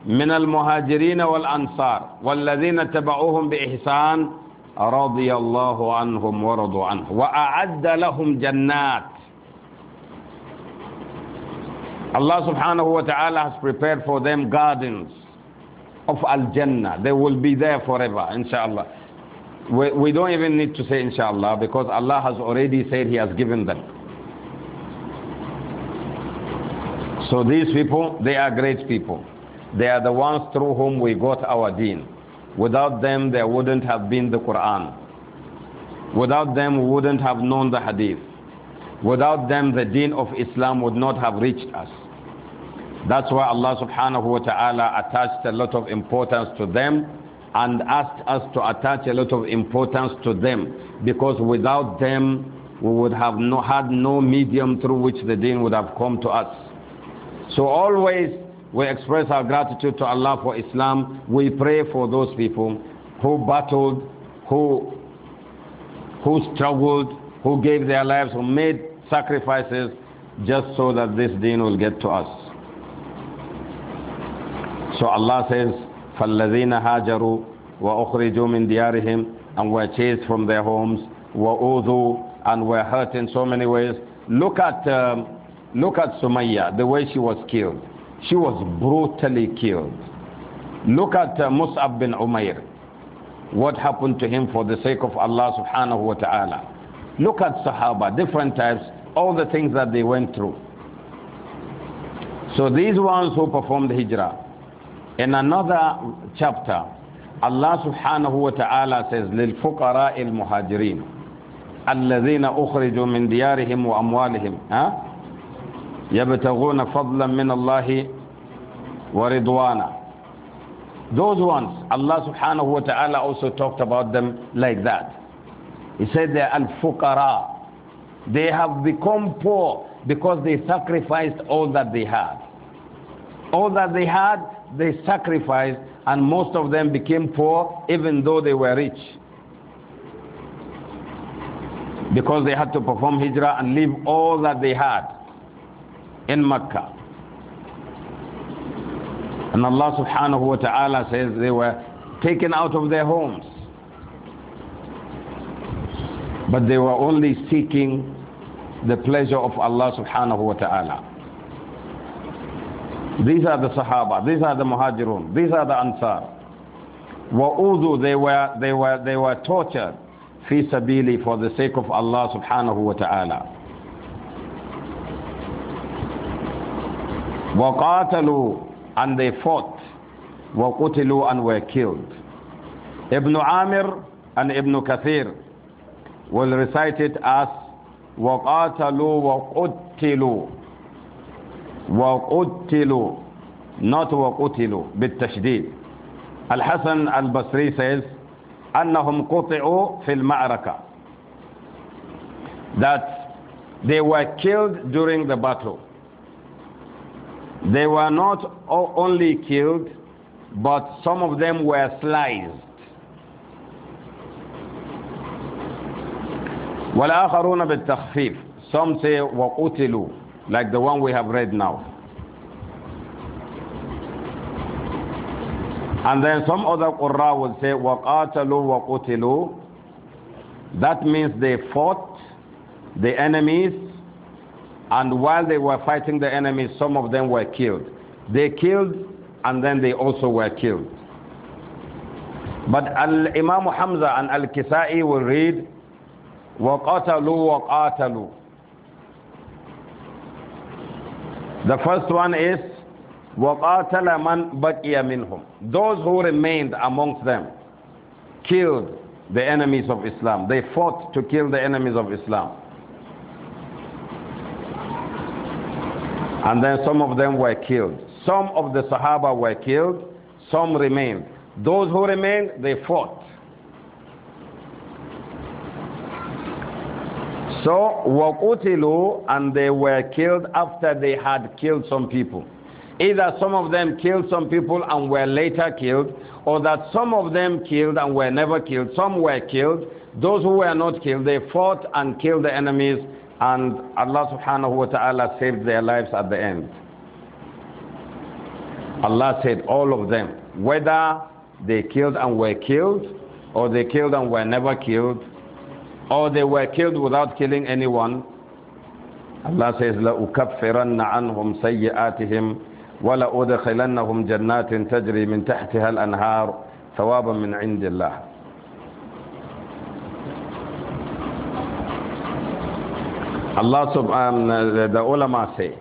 من المهاجرين والأنصار والذين تبعوهم بإحسان رضي الله عنهم ورضوا عنه وأعد لهم جنات Allah subhanahu wa ta'ala has prepared for them gardens of Al Jannah. They will be there forever, inshallah. We, we don't even need to say inshallah because Allah has already said He has given them. So these people, they are great people. They are the ones through whom we got our deen. Without them, there wouldn't have been the Quran. Without them, we wouldn't have known the hadith. Without them, the deen of Islam would not have reached us. That's why Allah subhanahu wa ta'ala attached a lot of importance to them and asked us to attach a lot of importance to them because without them we would have no, had no medium through which the deen would have come to us. So always we express our gratitude to Allah for Islam. We pray for those people who battled, who, who struggled, who gave their lives, who made sacrifices just so that this deen will get to us. So Allah says, فَالَّذِينَ هَاجَرُوا وَأُخْرِجُوا مِنْ دِيَارِهِمْ And were chased from their homes, وَأُوذُوا And were hurt in so many ways. Look at, um, look at Sumayya, the way she was killed. She was brutally killed. Look at uh, Mus'ab bin Umair. What happened to him for the sake of Allah subhanahu wa ta'ala. Look at Sahaba, different types, all the things that they went through. So these ones who performed Hijrah, in another chapter, Allah subhanahu wa ta'ala says, لِلْفُقَرَاءِ الْمُهَاجِرِينَ الَّذِينَ أُخْرِجُوا مِنْ دِيَارِهِمْ وَأَمْوَالِهِمْ يَبْتَغُونَ فَضْلًا مِنَ اللَّهِ وَرِضْوَانًا Those ones, Allah subhanahu wa ta'ala also talked about them like that. He said they are al-fuqara. They have become poor because they sacrificed all that they had. All that they had, they sacrificed, and most of them became poor even though they were rich. Because they had to perform hijrah and leave all that they had in Mecca. And Allah subhanahu wa ta'ala says they were taken out of their homes. But they were only seeking the pleasure of Allah subhanahu wa ta'ala. These are the Sahaba, these are the Muhajirun, these are the Ansar. وَأُوذُوا they were, they were, they were tortured fi sabili for the sake of Allah subhanahu wa ta'ala. qatalu, and they fought وَقُتِلُوا and were killed. Ibn Amir and Ibn Kathir will recite it as وَقَاتَلُوا وَقُتِلُوا وقتلوا, not وقتلوا, بالتشديد. Al-Hasan al-Basri says, أنهم قطعوا في المعركة. That they were killed during the battle. They were not only killed, but some of them were sliced. والآخرون بالتخفيف. Some say وقتلوا like the one we have read now. And then some other Qurra will say, وَقَاتَلُوا وَقُتِلُوا That means they fought the enemies, and while they were fighting the enemies, some of them were killed. They killed, and then they also were killed. But Al Imam Hamza and Al Kisa'i will read, وَقَاتَلُوا وَقَاتَلُوا The first one is وَقَاتَلَ مَنْ بَقِيَ مِنْهُمْ Those who remained amongst them killed the enemies of Islam. They fought to kill the enemies of Islam. And then some of them were killed. Some of the Sahaba were killed, some remained. Those who remained, they fought So, وَقُتِلُوا And they were killed after they had killed some people. Either some of them killed some people and were later killed, or that some of them killed and were never killed. Some were killed. Those who were not killed, they fought and killed the enemies, and Allah subhanahu wa ta'ala saved their lives at the end. Allah said, all of them, whether they killed and were killed, or they killed and were never killed, or they were killed without killing anyone, Allah says, لَأُكَفِّرَنَّ عَنْهُمْ سَيِّئَاتِهِمْ وَلَأُدْخِلَنَّهُمْ جَنَّاتٍ تَجْرِي مِنْ تَحْتِهَا الْأَنْهَارُ ثَوَابًا مِنْ عِنْدِ اللَّهِ Allah subhanahu uh, the ulama say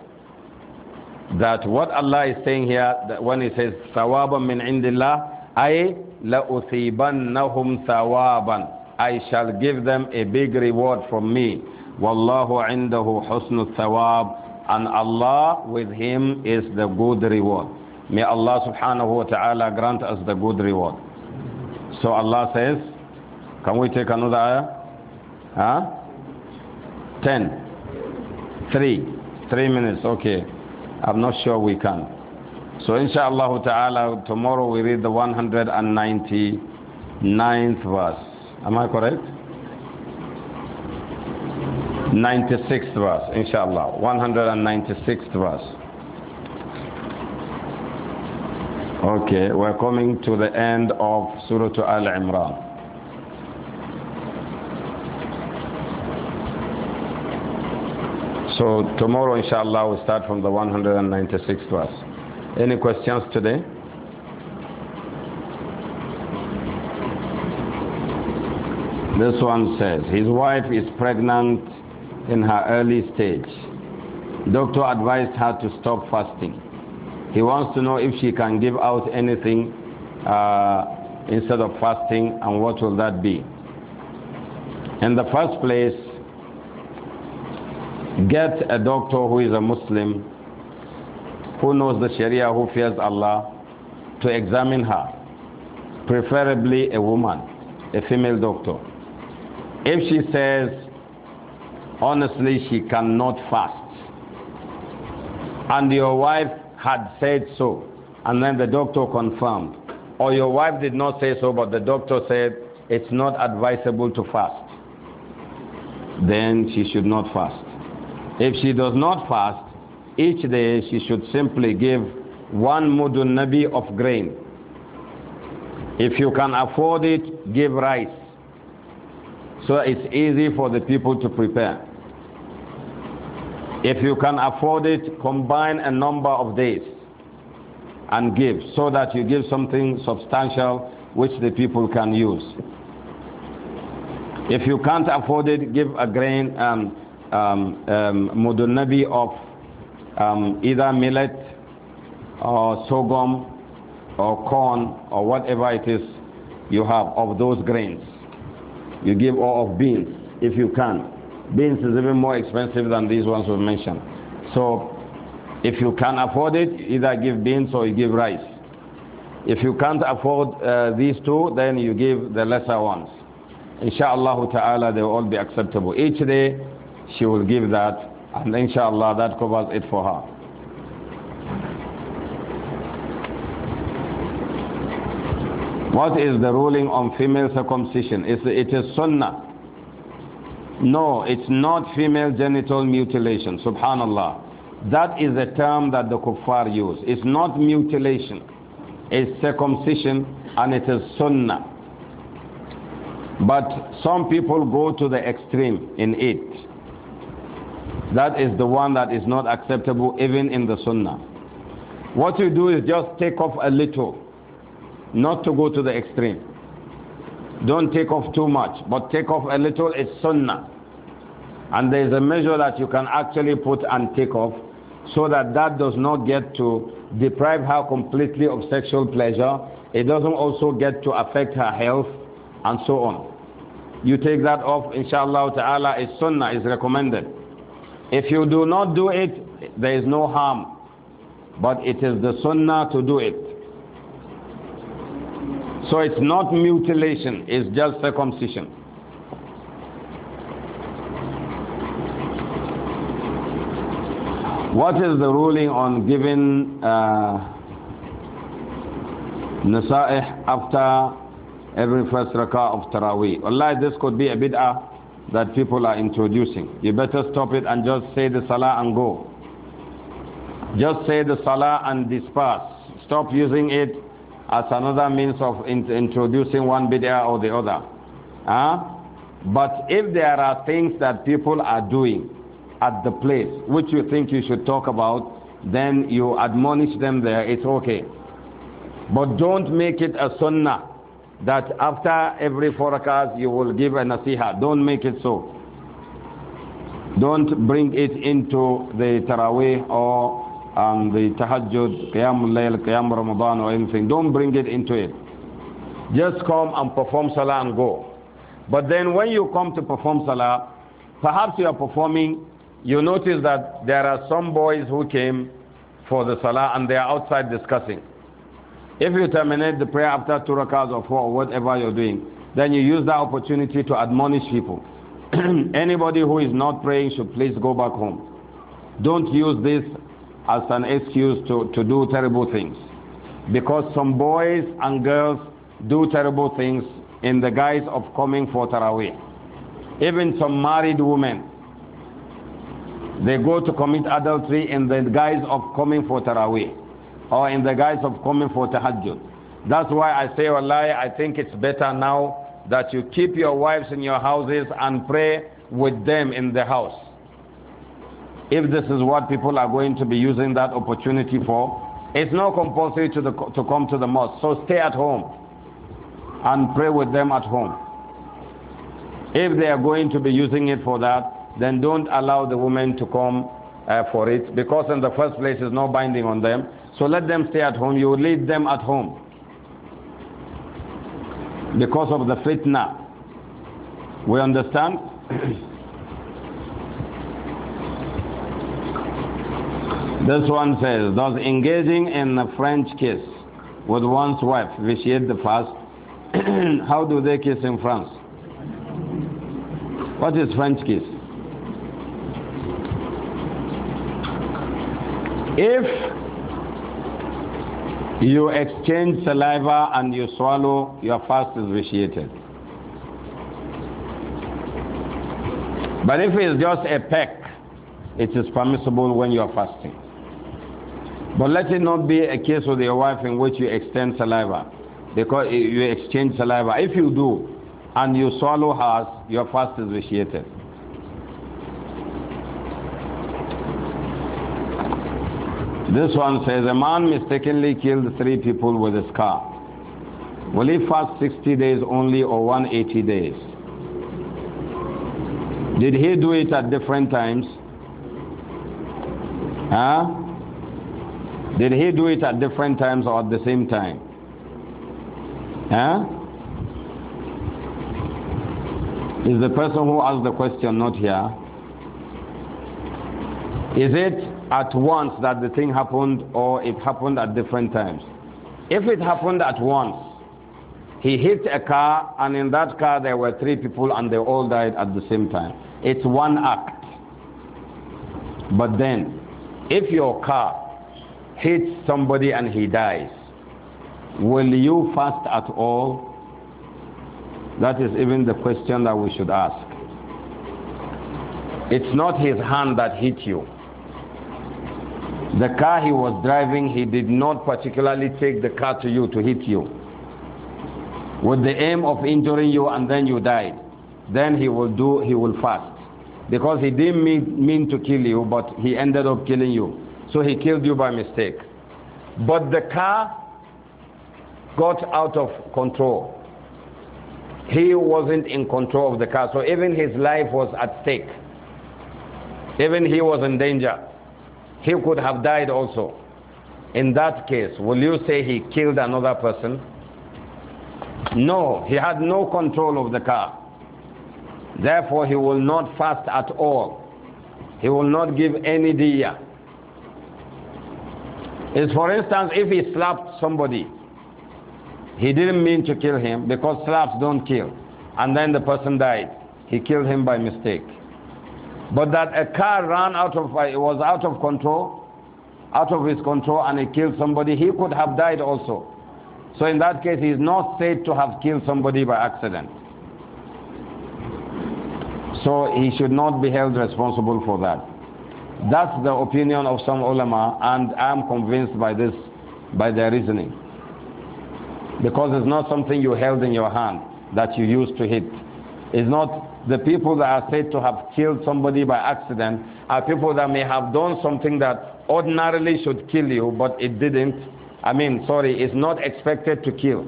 that what Allah is saying here when he says ثَوَابًا مِنْ عِنْدِ اللَّهِ أي لَأُثِيبَنَّهُمْ ثَوَابًا I shall give them a big reward from me. Wallahu indahu husnul thawab. And Allah with him is the good reward. May Allah subhanahu wa ta'ala grant us the good reward. So Allah says, can we take another ayah? Huh? Ten. Three. Three minutes, okay. I'm not sure we can. So inshallah ta'ala, tomorrow we read the 199th verse. Am I correct? 96th verse, inshallah. 196th verse. Okay, we're coming to the end of Surah Al Imran. So tomorrow, inshallah, we start from the 196th verse. Any questions today? This one says his wife is pregnant in her early stage. Doctor advised her to stop fasting. He wants to know if she can give out anything uh, instead of fasting and what will that be. In the first place, get a doctor who is a Muslim, who knows the Sharia, who fears Allah, to examine her, preferably a woman, a female doctor if she says, honestly, she cannot fast, and your wife had said so, and then the doctor confirmed, or your wife did not say so, but the doctor said it's not advisable to fast, then she should not fast. If she does not fast, each day she should simply give one mudun nabi of grain. If you can afford it, give rice. So it's easy for the people to prepare. If you can afford it, combine a number of days and give so that you give something substantial which the people can use. If you can't afford it, give a grain um, um, um, of um, either millet or sorghum or corn or whatever it is you have of those grains. You give all of beans if you can. Beans is even more expensive than these ones we mentioned. So if you can afford it, either give beans or you give rice. If you can't afford uh, these two, then you give the lesser ones. Insha'Allah ta'ala, they will all be acceptable. Each day, she will give that, and insha'Allah, that covers it for her. What is the ruling on female circumcision? It's, sunnah. No, it's not female genital mutilation. Subhanallah. That is a term that the kuffar use. It's not mutilation. It's circumcision and it is sunnah. But some people go to the extreme in it. That is the one that is not acceptable even in the sunnah. What you do is just take off a little not to go to the extreme. Don't take off too much, but take off a little. It's sunnah. And there is a measure that you can actually put and take off so that that does not get to deprive her completely of sexual pleasure. It doesn't also get to affect her health and so on. You take that off, inshallah ta'ala, sunnah, is recommended. If you do not do it, there is no harm. But it is the sunnah to do it. So it's not mutilation, it's just circumcision. What is the ruling on giving uh, nasa'ih after every first rakah of Taraweeh? Allah, this could be a bid'ah that people are introducing. You better stop it and just say the salah and go. Just say the salah and disperse. Stop using it as another means of in introducing one bid'ah or the other. Huh? But if there are things that people are doing at the place which you think you should talk about, then you admonish them there, it's okay. But don't make it a sunnah that after every forecast you will give a nasiha. Don't make it so. Don't bring it into the taraweeh or and the tahajjud, qiyamul layl, qiyam Ramadan or anything. Don't bring it into it. Just come and perform salah and go. But then when you come to perform salah, perhaps you are performing, you notice that there are some boys who came for the salah and they are outside discussing. If you terminate the prayer after two rakahs or four or whatever you're doing, then you use that opportunity to admonish people. Anybody who is not praying should please go back home. Don't use this as an excuse to, to do terrible things. Because some boys and girls do terrible things in the guise of coming for Taraweeh. Even some married women, they go to commit adultery in the guise of coming for Taraweeh or in the guise of coming for Tahajjud. That's why I say, Wallahi, I think it's better now that you keep your wives in your houses and pray with them in the house if this is what people are going to be using that opportunity for, it's not compulsory to, the, to come to the mosque. So stay at home and pray with them at home. If they are going to be using it for that, then don't allow the women to come uh, for it because, in the first place, it's no binding on them. So let them stay at home. You lead them at home because of the fitna. We understand? This one says, does engaging in a French kiss with one's wife vitiate the fast? How do they kiss in France? What is French kiss? If you exchange saliva and you swallow, your fast is vitiated. But if it's just a peck, it is permissible when you are fasting. But let it not be a case with your wife in which you extend saliva, because you exchange saliva. If you do, and you swallow hers, your fast is vitiated. This one says, a man mistakenly killed three people with a scar. Will he fast 60 days only or 180 days? Did he do it at different times? Huh? Did he do it at different times or at the same time? Huh? Is the person who asked the question not here? Is it at once that the thing happened or it happened at different times? If it happened at once, he hit a car and in that car there were three people and they all died at the same time. It's one act. But then, if your car hits somebody and he dies, will you fast at all? That is even the question that we should ask. It's not his hand that hit you. The car he was driving, he did not particularly take the car to you to hit you with the aim of injuring you and then you died. Then he will do, he will fast. Because he didn't mean, mean to kill you, but he ended up killing you. So he killed you by mistake. But the car got out of control. He wasn't in control of the car, so even his life was at stake. Even he was in danger. He could have died also. In that case, will you say he killed another person? No, he had no control of the car. Therefore, he will not fast at all. He will not give any diya is for instance, if he slapped somebody, he didn't mean to kill him because slaps don't kill. And then the person died. He killed him by mistake. But that a car ran out of, it uh, was out of control, out of his control, and he killed somebody, he could have died also. So in that case, he is not said to have killed somebody by accident. So he should not be held responsible for that. That's the opinion of some ulama, and I'm convinced by this, by their reasoning. Because it's not something you held in your hand that you used to hit. It's not the people that are said to have killed somebody by accident are people that may have done something that ordinarily should kill you, but it didn't. I mean, sorry, it's not expected to kill.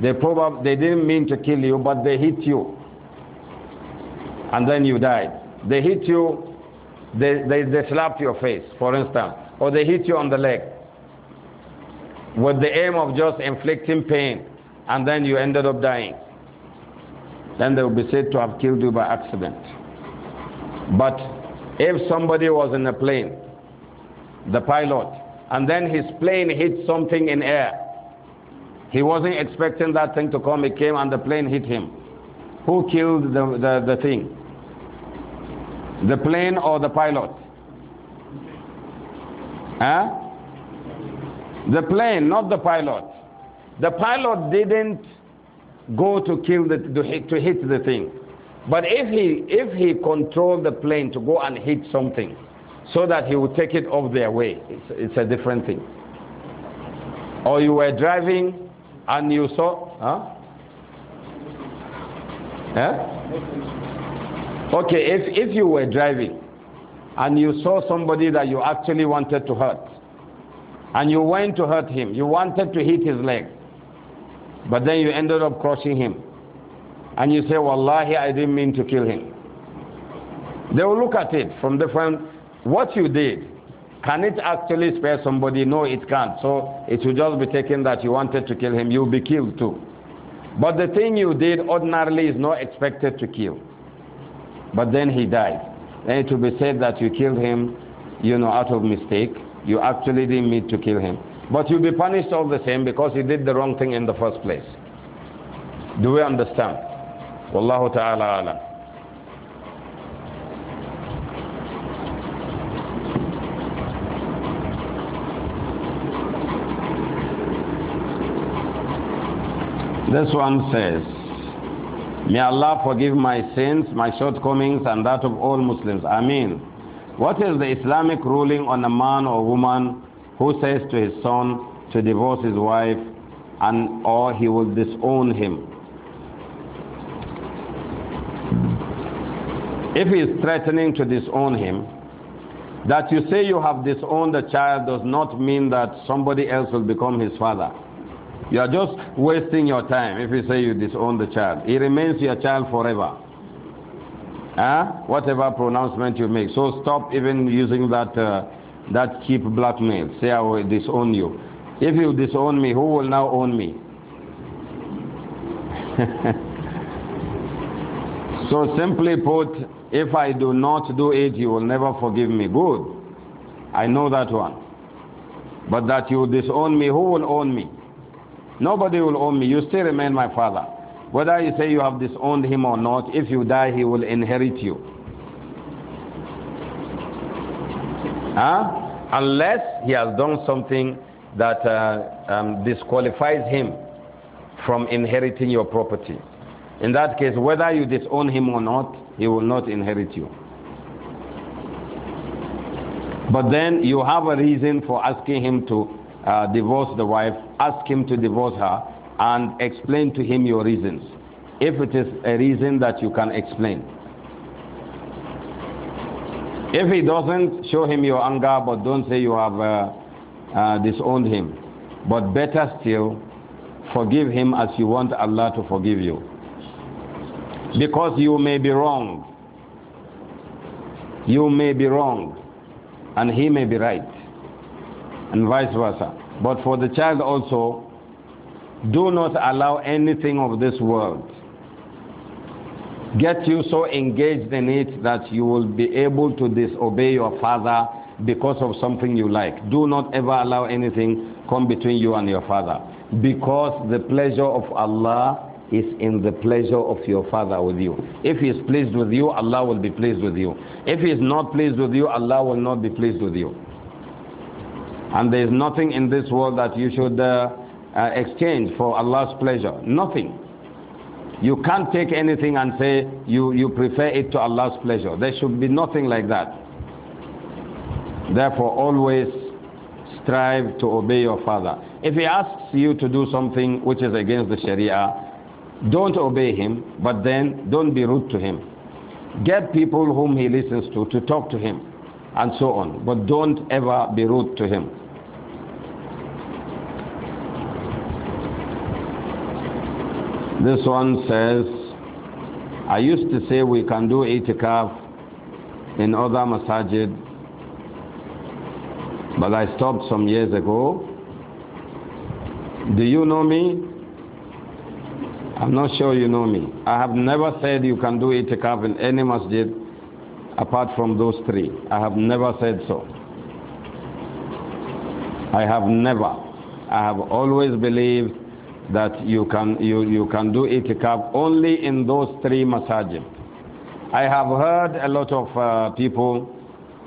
They probably they didn't mean to kill you, but they hit you, and then you died. They hit you they, they, they slapped your face, for instance, or they hit you on the leg with the aim of just inflicting pain, and then you ended up dying. Then they will be said to have killed you by accident. But if somebody was in a plane, the pilot, and then his plane hit something in air, he wasn't expecting that thing to come, it came and the plane hit him. Who killed the, the, the thing? The plane or the pilot? Huh? The plane, not the pilot. The pilot didn't go to kill the to hit, to hit the thing. But if he if he controlled the plane to go and hit something, so that he would take it off their way, it's, it's a different thing. Or you were driving and you saw, huh? Yeah? Okay, if, if you were driving and you saw somebody that you actually wanted to hurt, and you went to hurt him, you wanted to hit his leg, but then you ended up crushing him, and you say, Wallahi, I didn't mean to kill him. They will look at it from different. What you did, can it actually spare somebody? No, it can't. So it will just be taken that you wanted to kill him. You'll be killed too. But the thing you did ordinarily is not expected to kill but then he died. Then it will be said that you killed him, you know, out of mistake. You actually didn't mean to kill him. But you'll be punished all the same because you did the wrong thing in the first place. Do we understand? Wallahu ta'ala This one says, May Allah forgive my sins, my shortcomings, and that of all Muslims. Ameen. What is the Islamic ruling on a man or woman who says to his son to divorce his wife and or he will disown him? If he is threatening to disown him, that you say you have disowned a child does not mean that somebody else will become his father. You are just wasting your time if you say you disown the child. He remains your child forever. Huh? Whatever pronouncement you make. So stop even using that, uh, that cheap blackmail. Say, I will disown you. If you disown me, who will now own me? so simply put, if I do not do it, you will never forgive me. Good. I know that one. But that you disown me, who will own me? Nobody will own me. You still remain my father. Whether you say you have disowned him or not, if you die, he will inherit you. Huh? Unless he has done something that uh, um, disqualifies him from inheriting your property. In that case, whether you disown him or not, he will not inherit you. But then you have a reason for asking him to uh, divorce the wife, ask him to divorce her, and explain to him your reasons, if it is a reason that you can explain. If he doesn't, show him your anger, but don't say you have uh, uh, disowned him. But better still, forgive him as you want Allah to forgive you. Because you may be wrong. You may be wrong, and he may be right and vice versa. But for the child also, do not allow anything of this world. Get you so engaged in it that you will be able to disobey your father because of something you like. Do not ever allow anything come between you and your father. Because the pleasure of Allah is in the pleasure of your father with you. If he is pleased with you, Allah will be pleased with you. If he is not pleased with you, Allah will not be pleased with you. And there is nothing in this world that you should uh, uh, exchange for Allah's pleasure. Nothing. You can't take anything and say you, you prefer it to Allah's pleasure. There should be nothing like that. Therefore, always strive to obey your father. If he asks you to do something which is against the Sharia, don't obey him, but then don't be rude to him. Get people whom he listens to to talk to him and so on. But don't ever be rude to him. This one says, I used to say we can do itikaf in other masajid, but I stopped some years ago. Do you know me? I'm not sure you know me. I have never said you can do itikaf in any masjid apart from those three. I have never said so. I have never. I have always believed that you can, you, you can do itikaf only in those three masajid. I have heard a lot of uh, people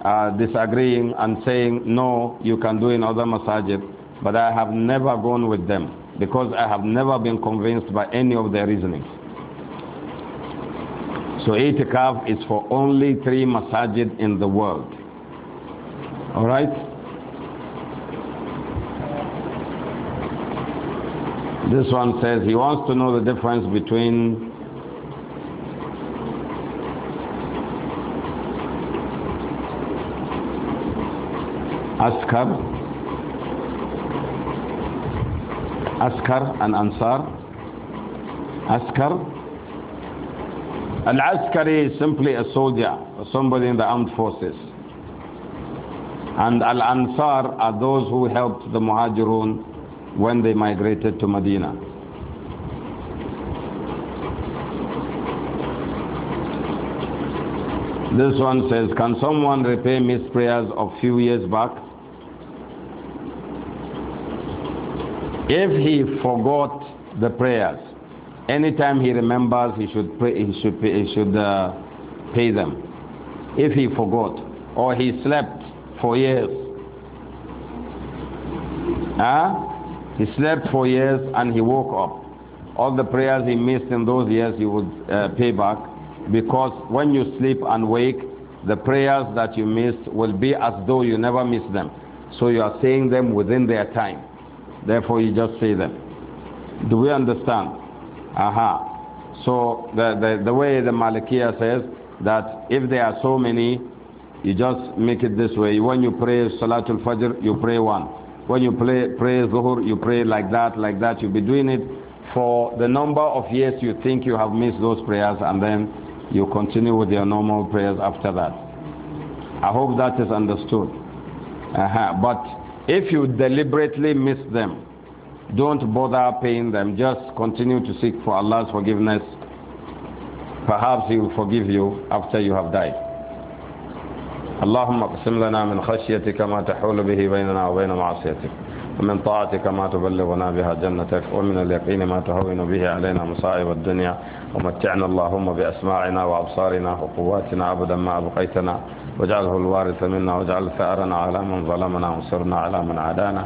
uh, disagreeing and saying, no, you can do in other masajid, but I have never gone with them because I have never been convinced by any of their reasonings. So itikaf is for only three masajid in the world. All right? This one says he wants to know the difference between Askar, Askar and Ansar. Askar an askari is simply a soldier, somebody in the armed forces. And al ansar are those who helped the muhajirun when they migrated to Medina. This one says, Can someone repay missed prayers of few years back? If he forgot the prayers, anytime he remembers, he should pray, he should pay, he should uh, pay them. If he forgot or he slept for years, huh? he slept for years and he woke up. All the prayers he missed in those years, he would uh, pay back because when you sleep and wake, the prayers that you missed will be as though you never missed them. So you are saying them within their time. Therefore, you just say them. Do we understand? Aha. So the, the, the way the Malikiya says that if there are so many, you just make it this way. When you pray Salatul Fajr, you pray one. When you pray, pray Zuhur, you pray like that, like that. You'll be doing it for the number of years you think you have missed those prayers, and then you continue with your normal prayers after that. I hope that is understood. Uh -huh. But if you deliberately miss them, Don't bother paying them. Just continue to seek for Allah's forgiveness. Perhaps He will forgive you after you have died. اللهم اقسم لنا من خشيتك ما تحول به بيننا وبين معصيتك ومن طاعتك ما تبلغنا بها جنتك ومن اليقين ما تهون به علينا مصائب الدنيا ومتعنا اللهم بأسماعنا وأبصارنا وقواتنا أبدا ما أبقيتنا واجعله الوارث منا واجعل ثأرنا على من ظلمنا وانصرنا على من عادانا